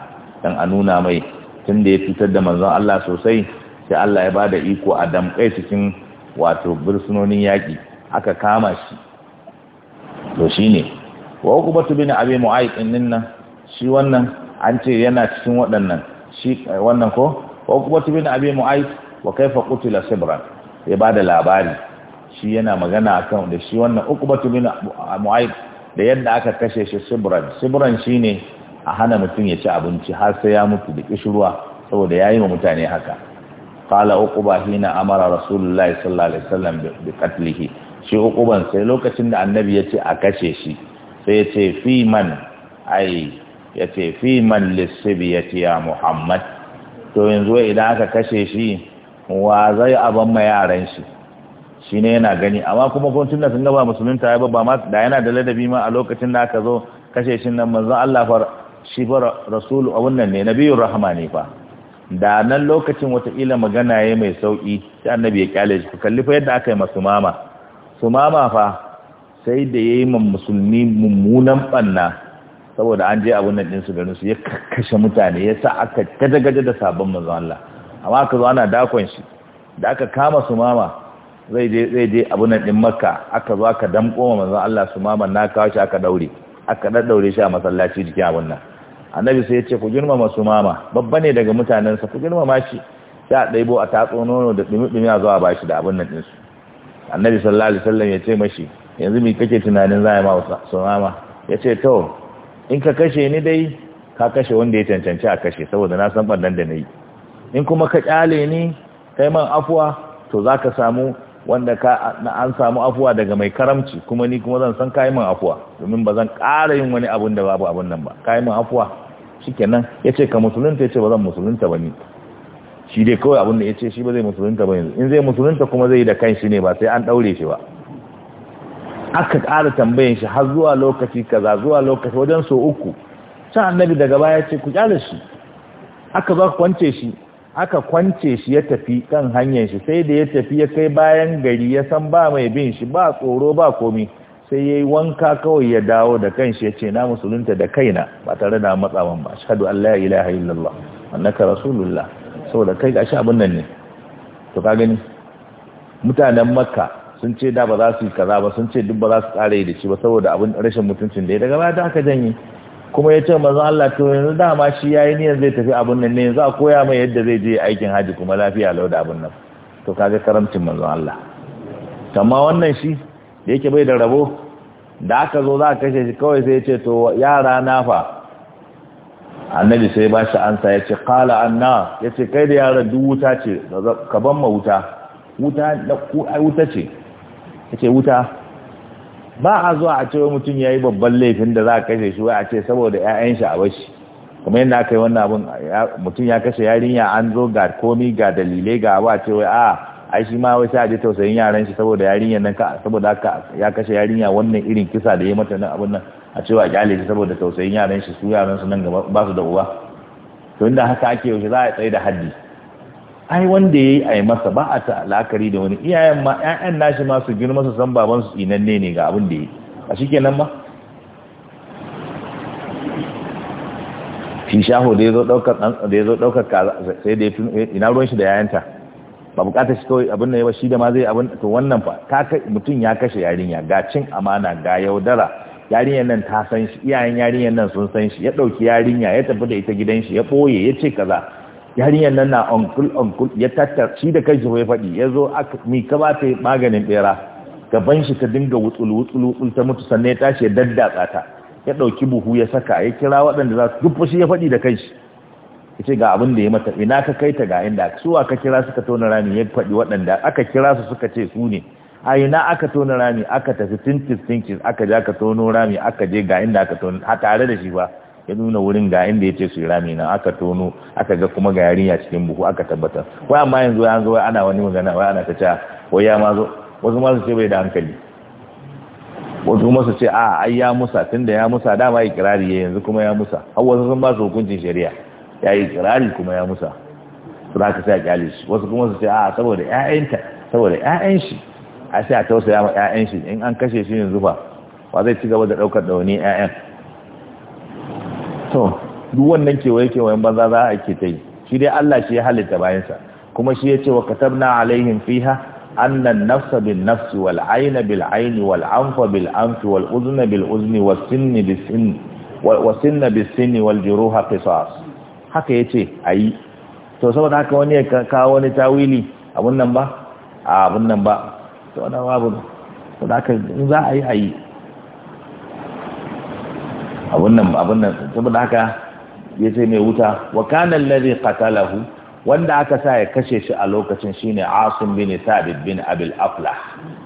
S1: dan a nuna mai Tunda ya fitar da manzon Allah sosai sai Allah ya bada iko a damƙai cikin wato bursunonin yaƙi aka kama shi to shine wa uqbatu bin abi mu'ayth din nan shi wannan an ce yana cikin waɗannan shi eh, wannan ko wa uqbatu bin abi mu'ayth wa kaifa qutila sibran ya bada labari shi yana magana akan da shi wannan uqbatu bin mu'ayth da yadda aka kashe shi sibran sibran shine a hana mutum ya ci abinci har sai ya mutu da kishirwa saboda yayi wa mutane haka qala uqba hina amara rasulullahi sallallahu alaihi wasallam bi qatlihi shi uquban sai lokacin da annabi ya ce a kashe shi sai ya ce fi man ai ya ce fi lissibi ya ce ya muhammad to yanzu idan aka kashe shi wa zai abin ma yaran shi shi ne yana gani amma kuma kun tunda sun gaba ta yaba ba ma da yana da ladabi ma a lokacin da aka zo kashe shi nan manzan Allah far shi far rasulu a wannan ne nabiyur rahama ne fa da nan lokacin wataƙila magana ya mai sauƙi ta annabi ya kyale shi kalli fa yadda aka yi masu mama su mama fa sai da ya yi musulmi mummunan ɓanna saboda an je abin nan ganin su ya kashe mutane ya sa aka gada gaje da sabon manzon Allah amma aka zo ana dakon shi da aka kama su mama zai je zai je abin nan makka aka zo aka damko ma manzon Allah su mama na kawo shi aka daure aka ɗaɗaure shi a masallaci jikin abin nan annabi sai ya ce ku girmama su mama babba ne daga mutanen sa ku girmama shi sai a ɗaibo a tatso nono da ɗumi-ɗumi a zuwa ba shi da abin nan ɗinsu annabi sallallahu alaihi wasallam ya ce mashi yanzu mai kake tunanin za a yi ma sunama ya ce to in ka kashe ni dai ka kashe wanda ya cancanci a kashe saboda na san ɓannan da na yi in kuma ka ƙyale ni yi man afuwa to za ka samu wanda ka an samu afuwa daga mai karamci kuma ni kuma zan san kayi man afuwa domin ba zan ƙara yin wani abun da babu abun nan ba kayi man afuwa ya yace ka musulunta ya ce ba zan musulunta ba ni shi dai kawai abun da ya ce shi ba zai musulunta ba yanzu in zai musulunta kuma zai yi da kanshi ne ba sai an daure shi ba aka ƙara tambayin shi har zuwa lokaci kaza zuwa lokaci wajen so uku can annabi daga baya ce ku kyale shi aka zo kwance shi aka kwance shi ya tafi kan hanyar shi sai da ya tafi ya kai bayan gari ya san ba mai bin shi ba tsoro ba komi sai yayi wanka kawai ya dawo da kanshi ya ce na musulunta da kaina ba tare da matsawan ba shahadu Allah ilaha illallah annaka rasulullah saboda kai gashi abin nan ne to ka gani mutanen makka sun ce da ba za su yi kaza ba sun ce duk ba za su kare da shi ba saboda abin rashin mutuncin da ya daga baya da aka janye kuma ya ce mazan Allah to yanzu dama shi ya yi niyan zai tafi abin nan ne yanzu a koya mai yadda zai je aikin haji kuma lafiya lau da abin nan to kaga karamcin mazan Allah amma wannan shi da yake bai da rabo da aka zo za a kashe shi kawai sai ya ce to yara na fa annabi sai ba shi ansa ya ce qala anna ya ce kai da yaran duk wuta ce ka ban ma wuta wuta ce yace wuta ba a zuwa a cewa mutum ya yi babban laifin da za a kashe shi a ce saboda 'ya'yan shi a bashi kuma yadda aka yi wannan abin mutum ya kashe yarinya an zo ga komi ga dalilai ga a ce wai a ah, ai shi ma wasu aje a tausayin yaran shi saboda yarinya nan ka saboda haka ya kashe yarinya wannan irin kisa da ya mata nan abin nan a cewa kyale shi saboda tausayin yaran shi su yaran su nan gaba ba su da uba to inda haka ake yaushe za a tsaye da haddi ai wanda yayi ai masa ba a ta alakari da wani iyayen ma ƴaƴan nashi ma su girma su san baban su inanne ne ga abin da yi a shikenan ma shi shaho da yazo daukar dan da yazo daukar kaza sai da ina ruwan shi da yayanta ba bukatar shi kawai abin nan ba shi da ma zai abin to wannan fa ta kai mutun ya kashe yarinya ga cin amana ga yaudara yarinyan nan ta san shi iyayen yarinyan nan sun san shi ya dauki yarinya ya tafi da ita gidan shi ya boye ya ce kaza yarinyar nan na onkul onkul ya tattar shi da kai ya faɗi ya zo mi ka ba ta maganin ɓera gaban shi ta dinga wutsul wutsul wutsul ta mutu sannan ya tashi ya daddatsa ta ya ɗauki buhu ya saka ya kira waɗanda za su duk shi ya faɗi da kai shi ya ce ga abin da ya mata ina ka kai ta ga inda su aka kira suka tona rami ya faɗi waɗanda aka kira su suka ce su ne a ina aka tona rami aka tafi tintis tintis aka je aka tono rami aka je ga inda aka tona tare da shi ba ya nuna wurin ga inda ya ce su rami nan aka tono aka ga kuma ga yarinya cikin buhu aka tabbatar wai amma yanzu ya zo ana wani magana wai ana ta cewa wai ya ma zo wasu ma su ce bai da hankali wasu kuma su ce a ai ya musa tunda ya musa dama kirari ya yanzu kuma ya musa har wasu sun ba su hukuncin shari'a ya yi kirari kuma ya musa su za ka sa kyale shi wasu kuma su ce a saboda ƴaƴanta saboda ƴaƴan shi a sai a tausaya ma ƴaƴan shi in an kashe shi yanzu fa ba zai ci gaba da ɗaukar ɗauni ƴaƴan to duk wannan kewaye kewayen banza za a ke ta yi shi dai Allah shi ya halitta bayansa kuma shi ya ce wa katabna alaihim fiha annan nafsa bin nafsi wal aina bil aini wal anfa bil anfi wal uzna bil uzni was sinni bis sinni wa sinna bis sinni wal juruha qisas haka yace ayi to saboda haka wani ya kawo wani tawili abun nan ba abun nan ba to wannan babu to haka in za a yi ayi abun nan abun nan saboda haka ya ce mai wuta wa kana allazi qatalahu wanda aka sa ya kashe shi a lokacin shine Asim bin Thabit bin Abil Aflah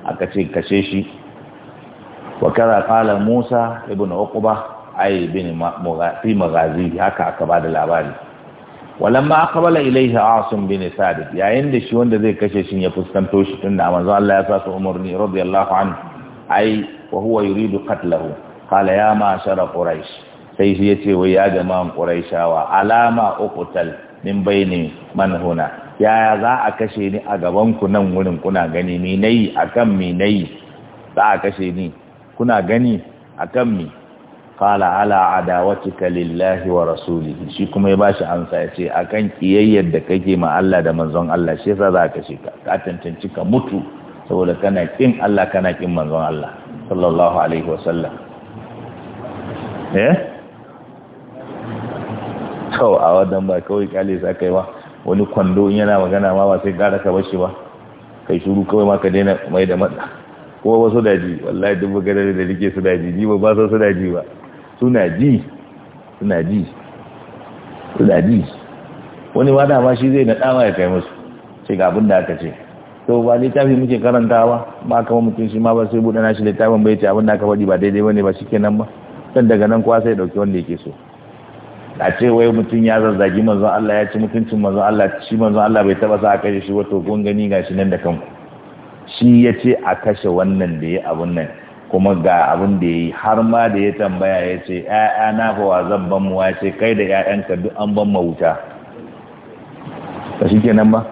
S1: aka ce kashe shi wa kaza qala Musa ibn Uqba ay bin fi magazi haka aka bada labari walamma aqbala ilayhi Asim bin Thabit yayin da shi wanda zai kashe shi ya fuskanto shi tunda manzo Allah ya sa su umarni radiyallahu anhu ay wa huwa yuridu qatlahu kala ya mashara quraish sai shi yace wai ya jama'an quraishawa alama uqtal min baini man yaya za a kashe ni a gaban ku nan wurin kuna gani ni nayi akan mi nayi za a kashe ni kuna gani akan mi da ala adawatika lillahi wa rasulihi shi kuma ya bashi ansa yace akan kiyayyar da kake ma Allah da manzon Allah shi yasa za ka kashe ka ka tantance ka mutu saboda kana kin Allah kana kin manzon Allah sallallahu alaihi sallam. eh kawo a wadanda ba kawai kyale ka yi ba wani kwando in yana magana ma ba sai gara ka bashi ba kai shuru kawai ma ka daina mai da matsa kuma su daji wallahi duk maganar da rike su daji ji ba ba su su daji ba suna ji suna ji suna ji wani ma dama shi zai na dama ya kai musu ce ga abin da aka ce to ba tafi muke karantawa ba kama mutum shi ma ba sai buɗe nashi littafin bai ce abin da aka faɗi ba daidai bane ba shikenan ba dan daga nan kowa sai dauki wanda yake so a ce wai mutum ya zazzagi manzon Allah ya ci mutuncin manzon Allah shi manzon Allah bai taba sa a kashe shi wato kun gani gashi nan da kanku shi ya ce a kashe wannan da ya abun nan kuma ga abun da ya yi har ma da ya tambaya ya ce ‘ya'ya na fawa zan ban mu ce kai da ‘ya'yanka duk an ban mawuta ba shi kenan ba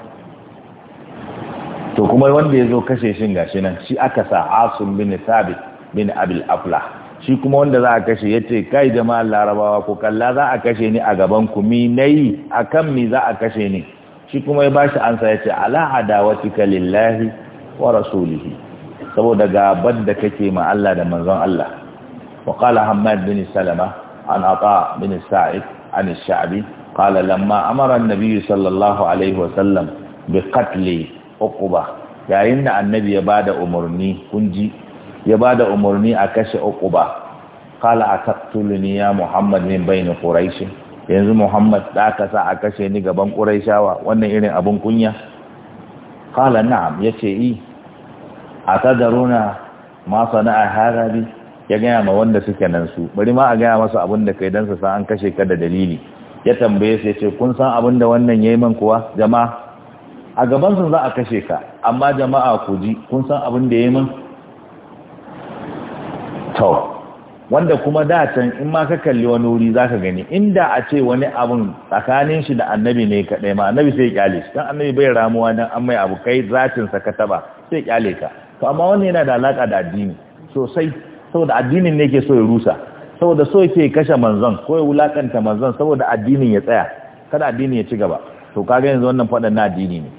S1: to kuma wanda ya zo kashe shin gashi nan shi aka sa asun bin sabit bin abil afla shi kuma wanda za a kashe ya ce kai jama'ar larabawa ko kalla za a kashe ni a gaban ku mi na yi a kan mi za a kashe ni shi kuma ya ba shi ansa ya ce ala adawatika lillahi wa rasulihi saboda gaban da kake ma Allah da manzon Allah wa qala hammad bin salama an ata bin sa'id an ash-sha'bi qala lamma amara an-nabi sallallahu alaihi wa sallam bi qatli uqba yayin da annabi ya bada umarni kunji ya ba da umarni a kashe uku kala a ataqtuluni ya muhammad min bayni quraish yanzu muhammad da sa a kashe ni gaban quraishawa wannan irin abin kunya qala na'am yi. A atadaruna ma sana'a a bi ya gaya ma wanda suke nan su bari ma a gaya masu abin da kai su san an kashe ka da dalili ya tambaye su yace kun san abin da wannan yi man kuwa jama'a a gaban za a kashe ka amma jama'a ku ji kun san abin da yi man to wanda kuma da can in ma ka kalli wani wuri za ka gani inda a ce wani abun tsakanin shi da annabi ne kaɗai ma annabi sai kyale shi don annabi bai ramuwa don an mai abu kai zatin sa ka taba sai kyale ka to amma wani yana da alaka da addini sosai saboda addinin ne ke so ya rusa saboda so yake kashe manzon ko ya wulakanta manzon saboda addinin ya tsaya kada addini ya ci gaba to kaga yanzu wannan faɗan na addini ne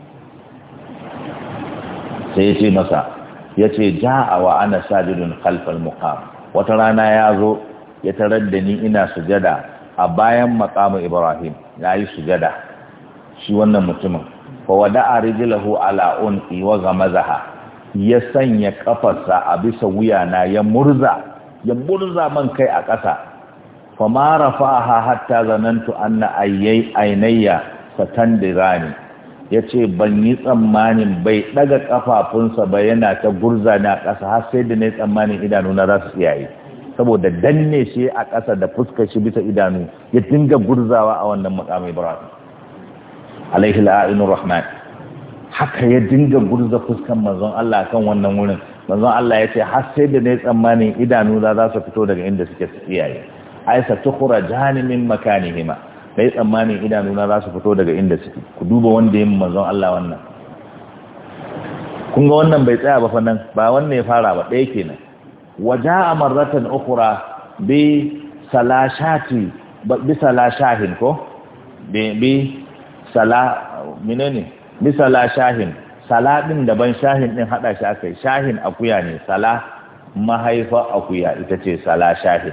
S1: sai ya ce masa Ya ce, yace a wa ana sajidun kalfar muqam wata rana ya zo ya tarar da ni ina sujada a bayan makamu ibrahim yi sujada shi wannan mutumin fa wada'a rijilahu ala unqi wa mazaha. ya sanya kafarsa a bisa wuyana ya murza ya murza man kai a ƙasa fa ma rafa'aha hatta zanantu anna ayyai ainayya satandirani ya ce ban yi tsammanin bai ɗaga ƙafafunsa ba yana ta gurza ne a ƙasa har sai da na yi tsammanin idanuna za su tsiyaye saboda danne shi a ƙasa da fuskar shi bisa idanu ya dinga gurzawa a wannan muƙamin ibrahim alaihi la'ainu rahman haka ya dinga gurza fuskan manzon Allah kan wannan wurin manzon Allah ya ce har sai da na yi tsammanin idanu za su fito daga inda suke tsiyaye aisa tukhra jahannam min makanihima kai tsammanin idanuna za su fito daga inda suke ku duba wanda ya manzon Allah wannan kunga wannan bai tsaya ba fa nan ba wannan ya fara ba ɗaya kenan waje a marratan ukura bi salashati bi salashahin ko bi sala ɗin bi salashahin sala din ban shahin ɗin haɗa shi akai shahin akuya ne sala mahaifa akuya ita ce salashahin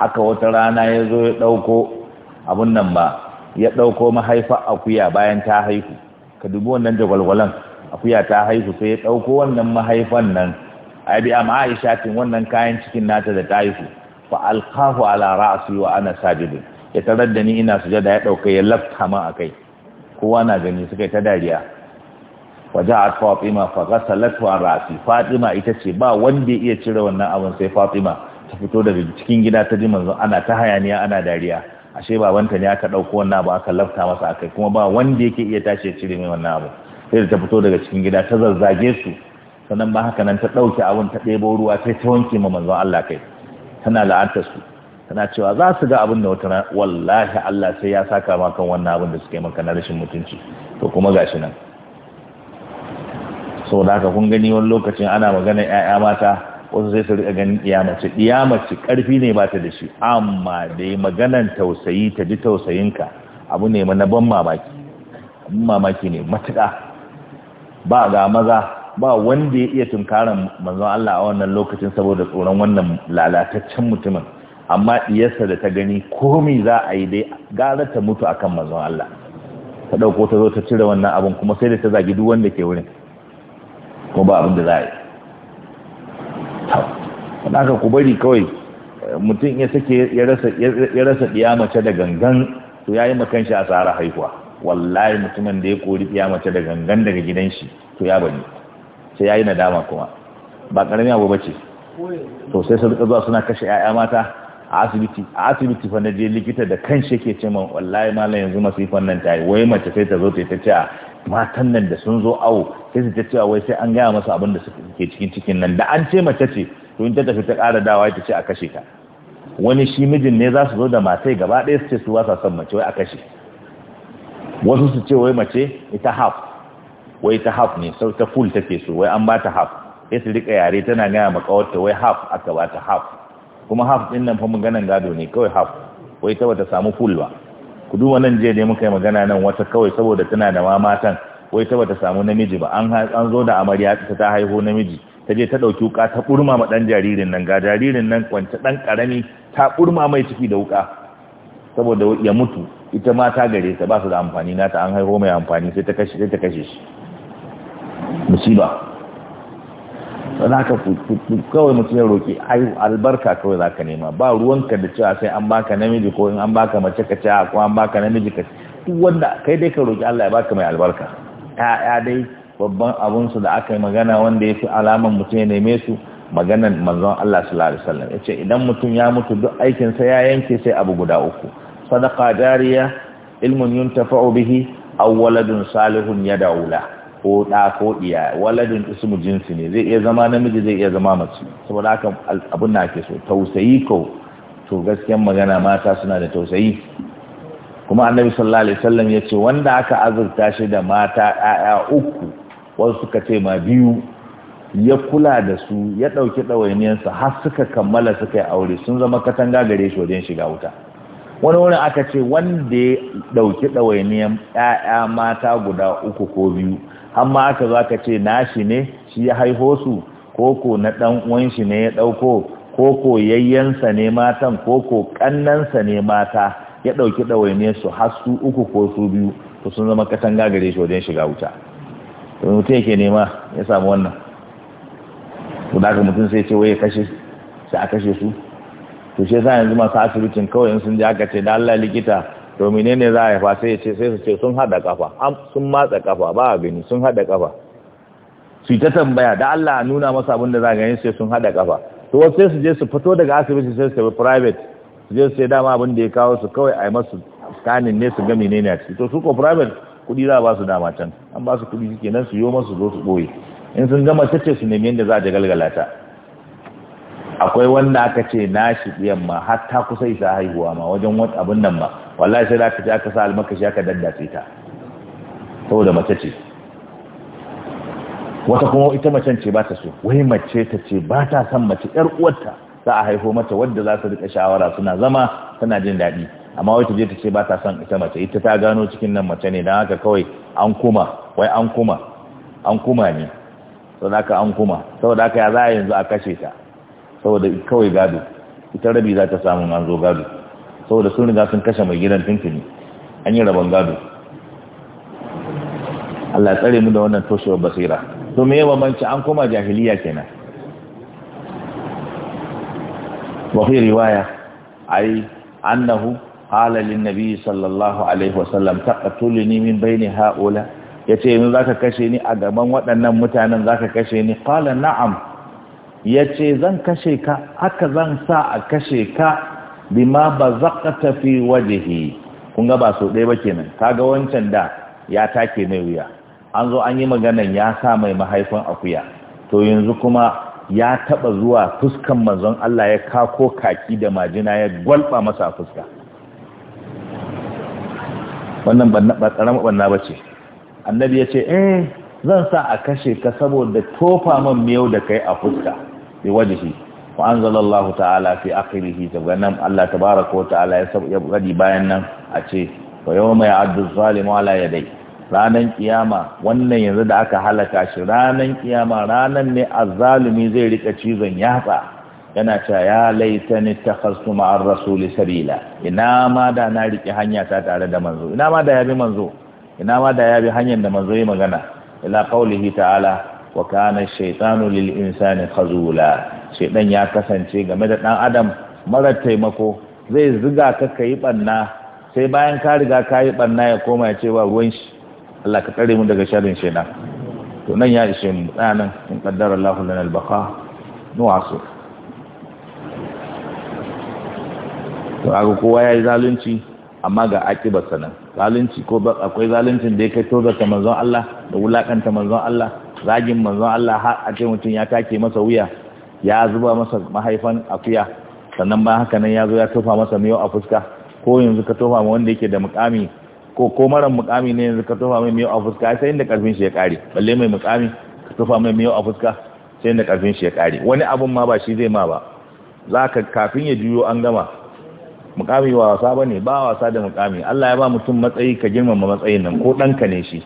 S1: haka wata rana ya zo ya ɗauko abun nan ba ya ɗauko mahaifa akuya bayan ta haihu ka dubi wannan jagwalgwalan akuya ta haihu sai ya ɗauko wannan mahaifan nan a bi amma aisha tin wannan kayan cikin nata da ta haihu fa alqahu ala ra'si wa ana sajidun ya tarar da ni ina sujada ya ɗauka ya lafta min akai kowa na gani suka ta dariya waja'at fatima fa ghasalatu an ra'si fatima ita ce ba wanda ya iya cire wannan abun sai fatima ta fito daga cikin gida ta ji manzon ana ta hayaniya ana dariya ashe babanta ne aka ɗauko wannan abu aka lafta masa akai kuma ba wanda yake iya tashi ya cire mai wannan abu sai da ta fito daga cikin gida ta zazzage su sannan ba haka nan ta ɗauke abun ta ɗebo ruwa sai ta wanke ma manzon Allah kai tana la'antar su tana cewa za su ga abin da wata na, wallahi Allah sai ya saka ma kan wannan abun da suke maka na rashin mutunci to kuma gashi nan saboda haka kun gani wani lokacin ana magana 'ya'ya mata wasu zai su rika ganin ɗiyamace ɗiyamace karfi ne ba ta da shi amma dai maganan tausayi ta ji tausayinka abu ne na ban mamaki abin mamaki ne matuka. ba ga maza ba wanda ya iya tunkara manzon Allah a wannan lokacin saboda tsoron wannan lalataccen mutumin amma ɗiyarsa da ta gani komi za a yi dai gara ta mutu akan manzon Allah ta ɗauko ta zo ta cire wannan abin kuma sai da ta zagi duk wanda ke wurin kuma ba abin da za a yi aka ku bari kawai mutum ya sake ya rasa ɗiya mace da gangan to ya yi makan shi tsara haihuwa wallahi mutumin da ya kori ɗiya mace da gangan daga gidan shi to ya bari sai ya yi nadama kuma ba ƙarami abu ba ce to sai su rika zuwa suna kashe 'ya'ya mata a asibiti a asibiti fa na je likita da kan shi yake ce min wallahi malam yanzu masifan nan ta yi wai mace sai ta zo ta ta ce matan nan da sun zo awo sai su ta cewa wai sai an gaya masa abin da suke cikin cikin nan da an ce mace ce tun ta tafi ta ƙara dawa ta ce a kashe ta wani shi mijin ne za su zo da matai gaba ɗaya su ce su wasa son mace wai a kashe wasu su ce wai mace ita haf wai ta half ne sau ta full take so wai an ba ta half sai su rika yare tana gaya ma kawarta wai half aka ba ta half kuma haf din nan fa maganan gado ne kawai half wai ta bata samu full ba ku duba nan jiya ne muka yi magana nan wata kawai saboda tana da ma matan wai ta bata samu namiji ba an zo da amarya ta ta haihu namiji ta je ta ɗauki wuka ta ƙurma ma ɗan jaririn nan ga jaririn nan kwanci ɗan ƙarami ta ƙurma mai ciki da wuka saboda ya mutu ita ma ta gare ta ba su da amfani nata an haihu mai amfani sai ta kashe sai ta kashe shi musiba sana ka kawai mutum ya roƙi albarka kawai za ka nema ba ruwanka da cewa sai an baka namiji ko in an baka mace ka cewa ko an baka namiji ka duk wanda kai dai ka roƙi Allah ya baka mai albarka ya dai babban su da aka yi magana wanda ya fi alaman mutum ya neme su maganan manzon Allah sallallahu alaihi wasallam yace idan mutum ya mutu duk aikin sa ya yanke sai abu guda uku sadaqa jariya ilmun yuntafa'u bihi aw waladun salihun yad'u ko da ko iya waladun ismu jinsi ne zai iya zama namiji zai iya zama mace saboda haka abun na ke so tausayi ko to gaskiyar magana mata suna da tausayi kuma annabi sallallahu alaihi wasallam yace wanda aka azurta shi da mata 'ya'ya uku wasu suka ce ma biyu ya kula da su ya ɗauki ɗawainiyarsa har suka kammala suka yi aure sun zama katanga gare shi wajen shiga wuta wani wurin aka ce wanda ya ɗauki ɗawainiyar ‘ya'ya mata guda uku ko biyu amma aka zo aka ce nashi ne shi ya haiho su koko na ɗan uwan shi ne ya ɗauko koko yayyansa ne matan koko ƙannansa ne mata ya ɗauki ɗawainiyar su har su uku ko su biyu to sun zama katanga gare shi wajen shiga wuta mutum yake nema ya samu wannan to da aka mutum sai ce waye kashe sai a kashe su to shi yasa yanzu masu asibitin kawai in sun je aka ce da Allah likita to menene za a yafa sai ya ce sai su ce sun hada kafa sun matsa kafa ba a gani sun hada kafa su ta tambaya da Allah a nuna masa abin da za a gani sai sun hada kafa to wasu sai su je su fito daga asibiti sai su tafi private su je su ce dama abin da ya kawo su kawai a yi masu scanning ne su ga menene a ciki to su ko private kuɗi za a ba su dama can an basu su kuɗi suke nan su yo masu zo su ɓoye in sun gama cece su nemi yadda za a galgala ta akwai wanda aka ce na shi ɗiyan ma har ta kusa isa haihuwa ma wajen wata abin nan ma wallahi sai da aka ce aka sa almakashi aka daddace ta saboda mace ce wata kuma ita mace ce ba ta so wai mace ta ce ba ta son mace yar uwarta za a haifo mata wadda za su rika shawara suna zama tana jin daɗi amma wai ta je ta ce ba ta son ita mace ita ta gano cikin nan mace ne don haka kawai an kuma wai an kuma an kuma ne saboda haka an kuma saboda haka ya za a yanzu a kashe ta saboda kawai gado ita rabi za ta samu an zo gado saboda sun riga sun kashe mai gidan tuntuni an yi rabon gado Allah tsare mu da wannan toshewar basira to me yawa mance an kuma jahiliya kenan wa fi riwaya ai annahu qala lin nabi sallallahu alaihi wasallam taqtuluni min baini haula yace in zaka kashe ni a gaban waɗannan mutanen zaka kashe ni qala na'am yace zan kashe ka haka zan sa a kashe ka bima bazaqta fi wajhi kun ga ba so ɗaya ba kenan kaga wancan da ya take mai wuya an zo an yi maganan ya sa mai mahaifin akuya to yanzu kuma ya taba zuwa fuskan manzon Allah ya kako kaki da majina ya gwalba masa fuska wannan ba ɓanna ba ce annabi ya ce eh zan sa a kashe ka saboda tofa man miyau da kai a fuska bi wajihi wa anzalallahu ta'ala fi akhirih daga nan Allah tabaaraka wa ta'ala ya sabu gadi bayan nan a ce wa yawma ya'addu zalimu ala dai ranan kiyama wannan yanzu da aka halaka shi ranan kiyama ranan ne azzalumi zai rika cizon yatsa yana cewa ya laitani takhastu ma'ar rasuli sabila ina ma da na riƙe hanya ta tare da manzo ina ma da ya bi manzo ina ma da ya bi hanyar da manzo ya magana ila qaulihi ta'ala wa kana shaytanu lil insani khazula shaydan ya kasance game da dan adam mara taimako zai ziga ka kai banna sai bayan ka riga ka yi banna ya koma ya ce wa ruwan shi Allah ka tsare mu daga sharrin shaydan to nan ya ishe mu tsanan in qaddara Allahu lana al-baqa nu'asir to aka kowa ya yi zalunci amma ga akibar sanan zalunci ko akwai zaluncin da ya kai tozarta manzon Allah da wulakanta manzon Allah zagin manzon Allah har a ce mutum ya take masa wuya ya zuba masa mahaifan akuya sannan ba haka nan ya zo ya tofa masa miyau a fuska ko yanzu ka tofa ma wanda yake da mukami ko ko maran mukami ne yanzu ka tofa mai miyau a fuska sai inda karfin shi ya kare balle mai mukami ka tofa mai miyau a fuska sai inda karfin shi ya kare wani abun ma ba shi zai ma ba zaka kafin ya juyo an gama mukami ba wasa bane ba wasa da mukami Allah ya ba mutum matsayi ka girmama matsayin nan ko ɗanka ne shi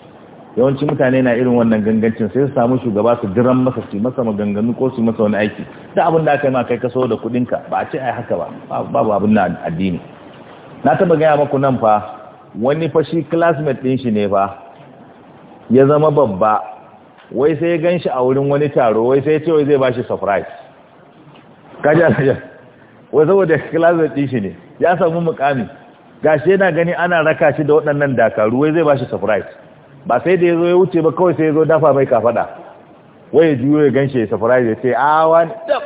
S1: yawanci mutane na irin wannan gangancin sai su samu shugaba su diran masa su masa maganganu ko su masa wani aiki da abin da aka yi ma kai kaso da kuɗinka ba a ce ai haka ba babu abin na addini na taba gaya maku nan fa wani fa shi classmate din shi ne fa ya zama babba wai sai ya ganshi a wurin wani taro wai sai ya ce wai zai bashi surprise kaja kaja wai saboda classmate din shi ne ya samu mukami gashi yana gani ana raka shi da waɗannan dakaru wai zai ba shi surprise ba sai da ya zo ya wuce ba kawai sai ya zo dafa mai faɗa. wai ya juyo ya ganshi ya surprise ya ce a wani dab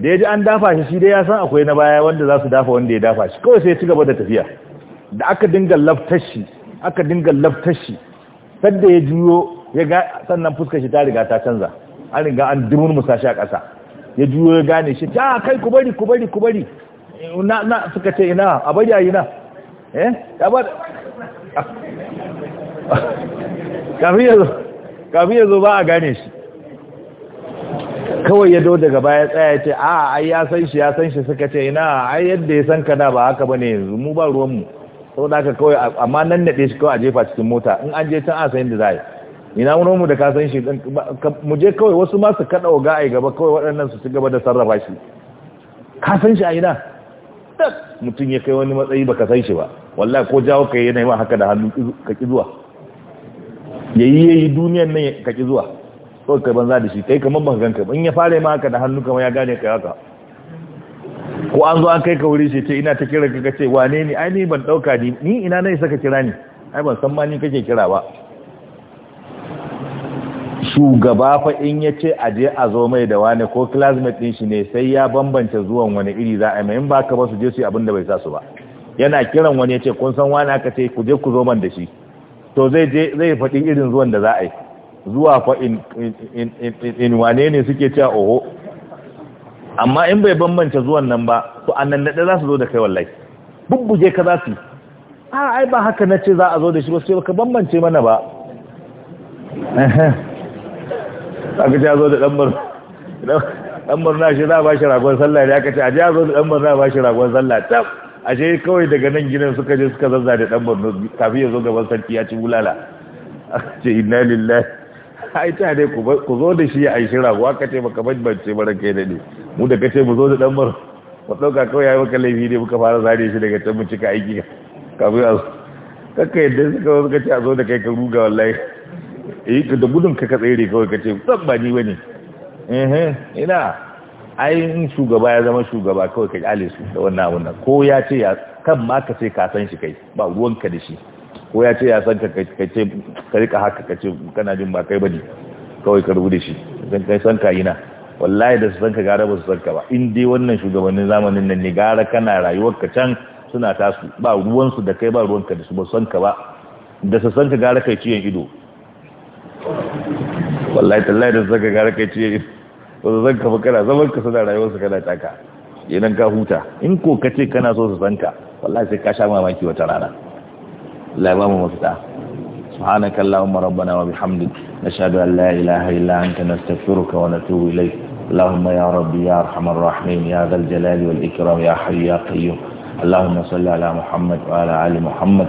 S1: da ya ji an dafa shi shi dai ya san akwai na baya wanda za su dafa wanda ya dafa shi kawai sai ya ci gaba da tafiya da aka dinga laftar shi aka dinga laftar shi sadda ya juyo ya ga sannan fuskar shi ta riga ta canza an riga an durmurmusa shi a ƙasa ya juyo ya gane shi ta kai ku bari ku bari ku bari na na suka ce ina a bari ayi na eh ya bar kafin yazo kafin ba a gane shi kawai ya do daga baya tsaya ce a ai ya san shi ya san shi suka ce ina ai yadda ya san ka na ba haka bane yanzu mu ba ruwan mu saboda haka kawai amma nan nade shi kawai a jefa cikin mota in an je can a san da za yi ina wurin mu da ka san shi mu je kawai wasu ma su kada ga ai gaba kawai waɗannan su ci gaba da sarrafa shi ka san shi a ina mutum ya kai wani matsayi baka san shi ba wallahi ko jawo kai yana yi ma haka da hannu ka ki zuwa yayi yayi duniyan nan ka ki zuwa ko kai banza da shi kai kamar baka ganka in ya fara ma haka da hannu kamar ya gane kai haka ko an zo an kai ka wuri shi ce ina ta kira ka ce wane ne ai ni ban dauka ni ni ina ne saka kira ni ai ban san ma ni kake kira ba shugaba fa in ya ce a je a zo mai da wani ko classmate din shi ne sai ya bambance zuwan wani iri za a yi in ba ka ba su je su yi abin da bai sa su ba yana kiran wani ya ce kun san wani aka ce ku je ku zo man da shi to zai je zai faɗi irin zuwan da za a yi zuwa fa in wane ne suke cewa oho amma in bai bambance zuwan nan ba to annan da za su zo da kai wallahi bubbuje ka za su a ah, ai ba haka na ce za a zo da shi ba sai ka bambance mana ba aka ce zo da dan murna na shi za ba shi ragon sallah ne aka ce a ji zo da dan a ba shi ragon sallah a ashe kawai daga nan ginin suka je suka zazza da dan murna kafin ya zo gaban sarki ya ci bulala a ce inna lillahi ai ta dai ku zo da shi a yi shira ku aka ce maka bambance mara kai da ne mu da kace mu zo da dan mu ɗauka kawai yi maka laifi ne muka fara zare shi daga can mu cika aiki kafin a kakka yadda suka zo suka ce a zo da kai ka ruga wallahi eh da gudun ka ka tsere kawai ka ce tsab ba ni bane eh ina ai in shugaba ya zama shugaba kawai ka kyale su da wannan abun nan ko ya ce ya kan ma ka ce ka san shi kai ba ruwan ka da shi ko ya ce ya san ka ka ce ka rika haka ka ce kana jin ba kai bane kawai ka rubuta shi dan kai san ka ina wallahi da su san ka gara ba su san ka ba in dai wannan shugabannin zamanin nan ne gara kana rayuwar ka can suna tasu ba ruwansu da kai ba ruwanka da su ba san ka ba da su san ka gara kai ciyan ido wallahi tallahi da zaka ga raka ce ba zan kafa kana zaman ka suna rayuwar su kana taka idan ka huta in ko ka ce kana so su san ka wallahi sai ka sha mamaki wata rana Allah ba mu mafita سبحانك اللهم ربنا وبحمدك نشهد أن لا na إلا أنت نستغفرك ونتوب إليك اللهم يا ربي يا أرحم الراحمين يا ذا الجلال والإكرام يا حي يا قيوم اللهم صل على محمد وعلى آل محمد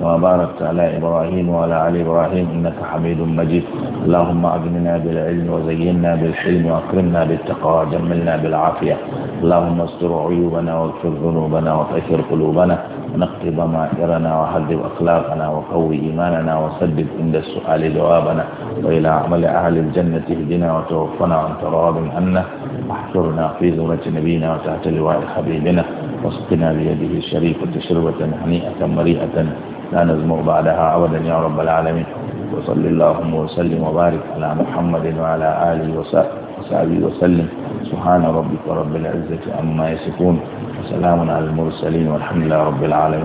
S1: كما باركت على إبراهيم وعلى آل إبراهيم إنك حميد مجيد اللهم أغننا بالعلم وزينا بالحلم وأكرمنا بالتقوى وجملنا بالعافية اللهم استر عيوبنا واغفر ذنوبنا وطهر قلوبنا ونقض ضمائرنا وحذب أخلاقنا وقوي إيماننا وسدد عند السؤال جوابنا وإلى عمل أهل الجنة اهدنا وتوفنا عن تراب عنا واحشرنا في زمرة نبينا وتحت لواء حبيبنا واسقنا بيده الشريفة شربة هنيئة مريئة لا نزمع بعدها أبدا يا رب العالمين وصل اللهم وسلم وبارك على محمد وعلى آله وصحبه وسلم سبحان ربك رب العزة عما يصفون وسلام على المرسلين والحمد لله رب العالمين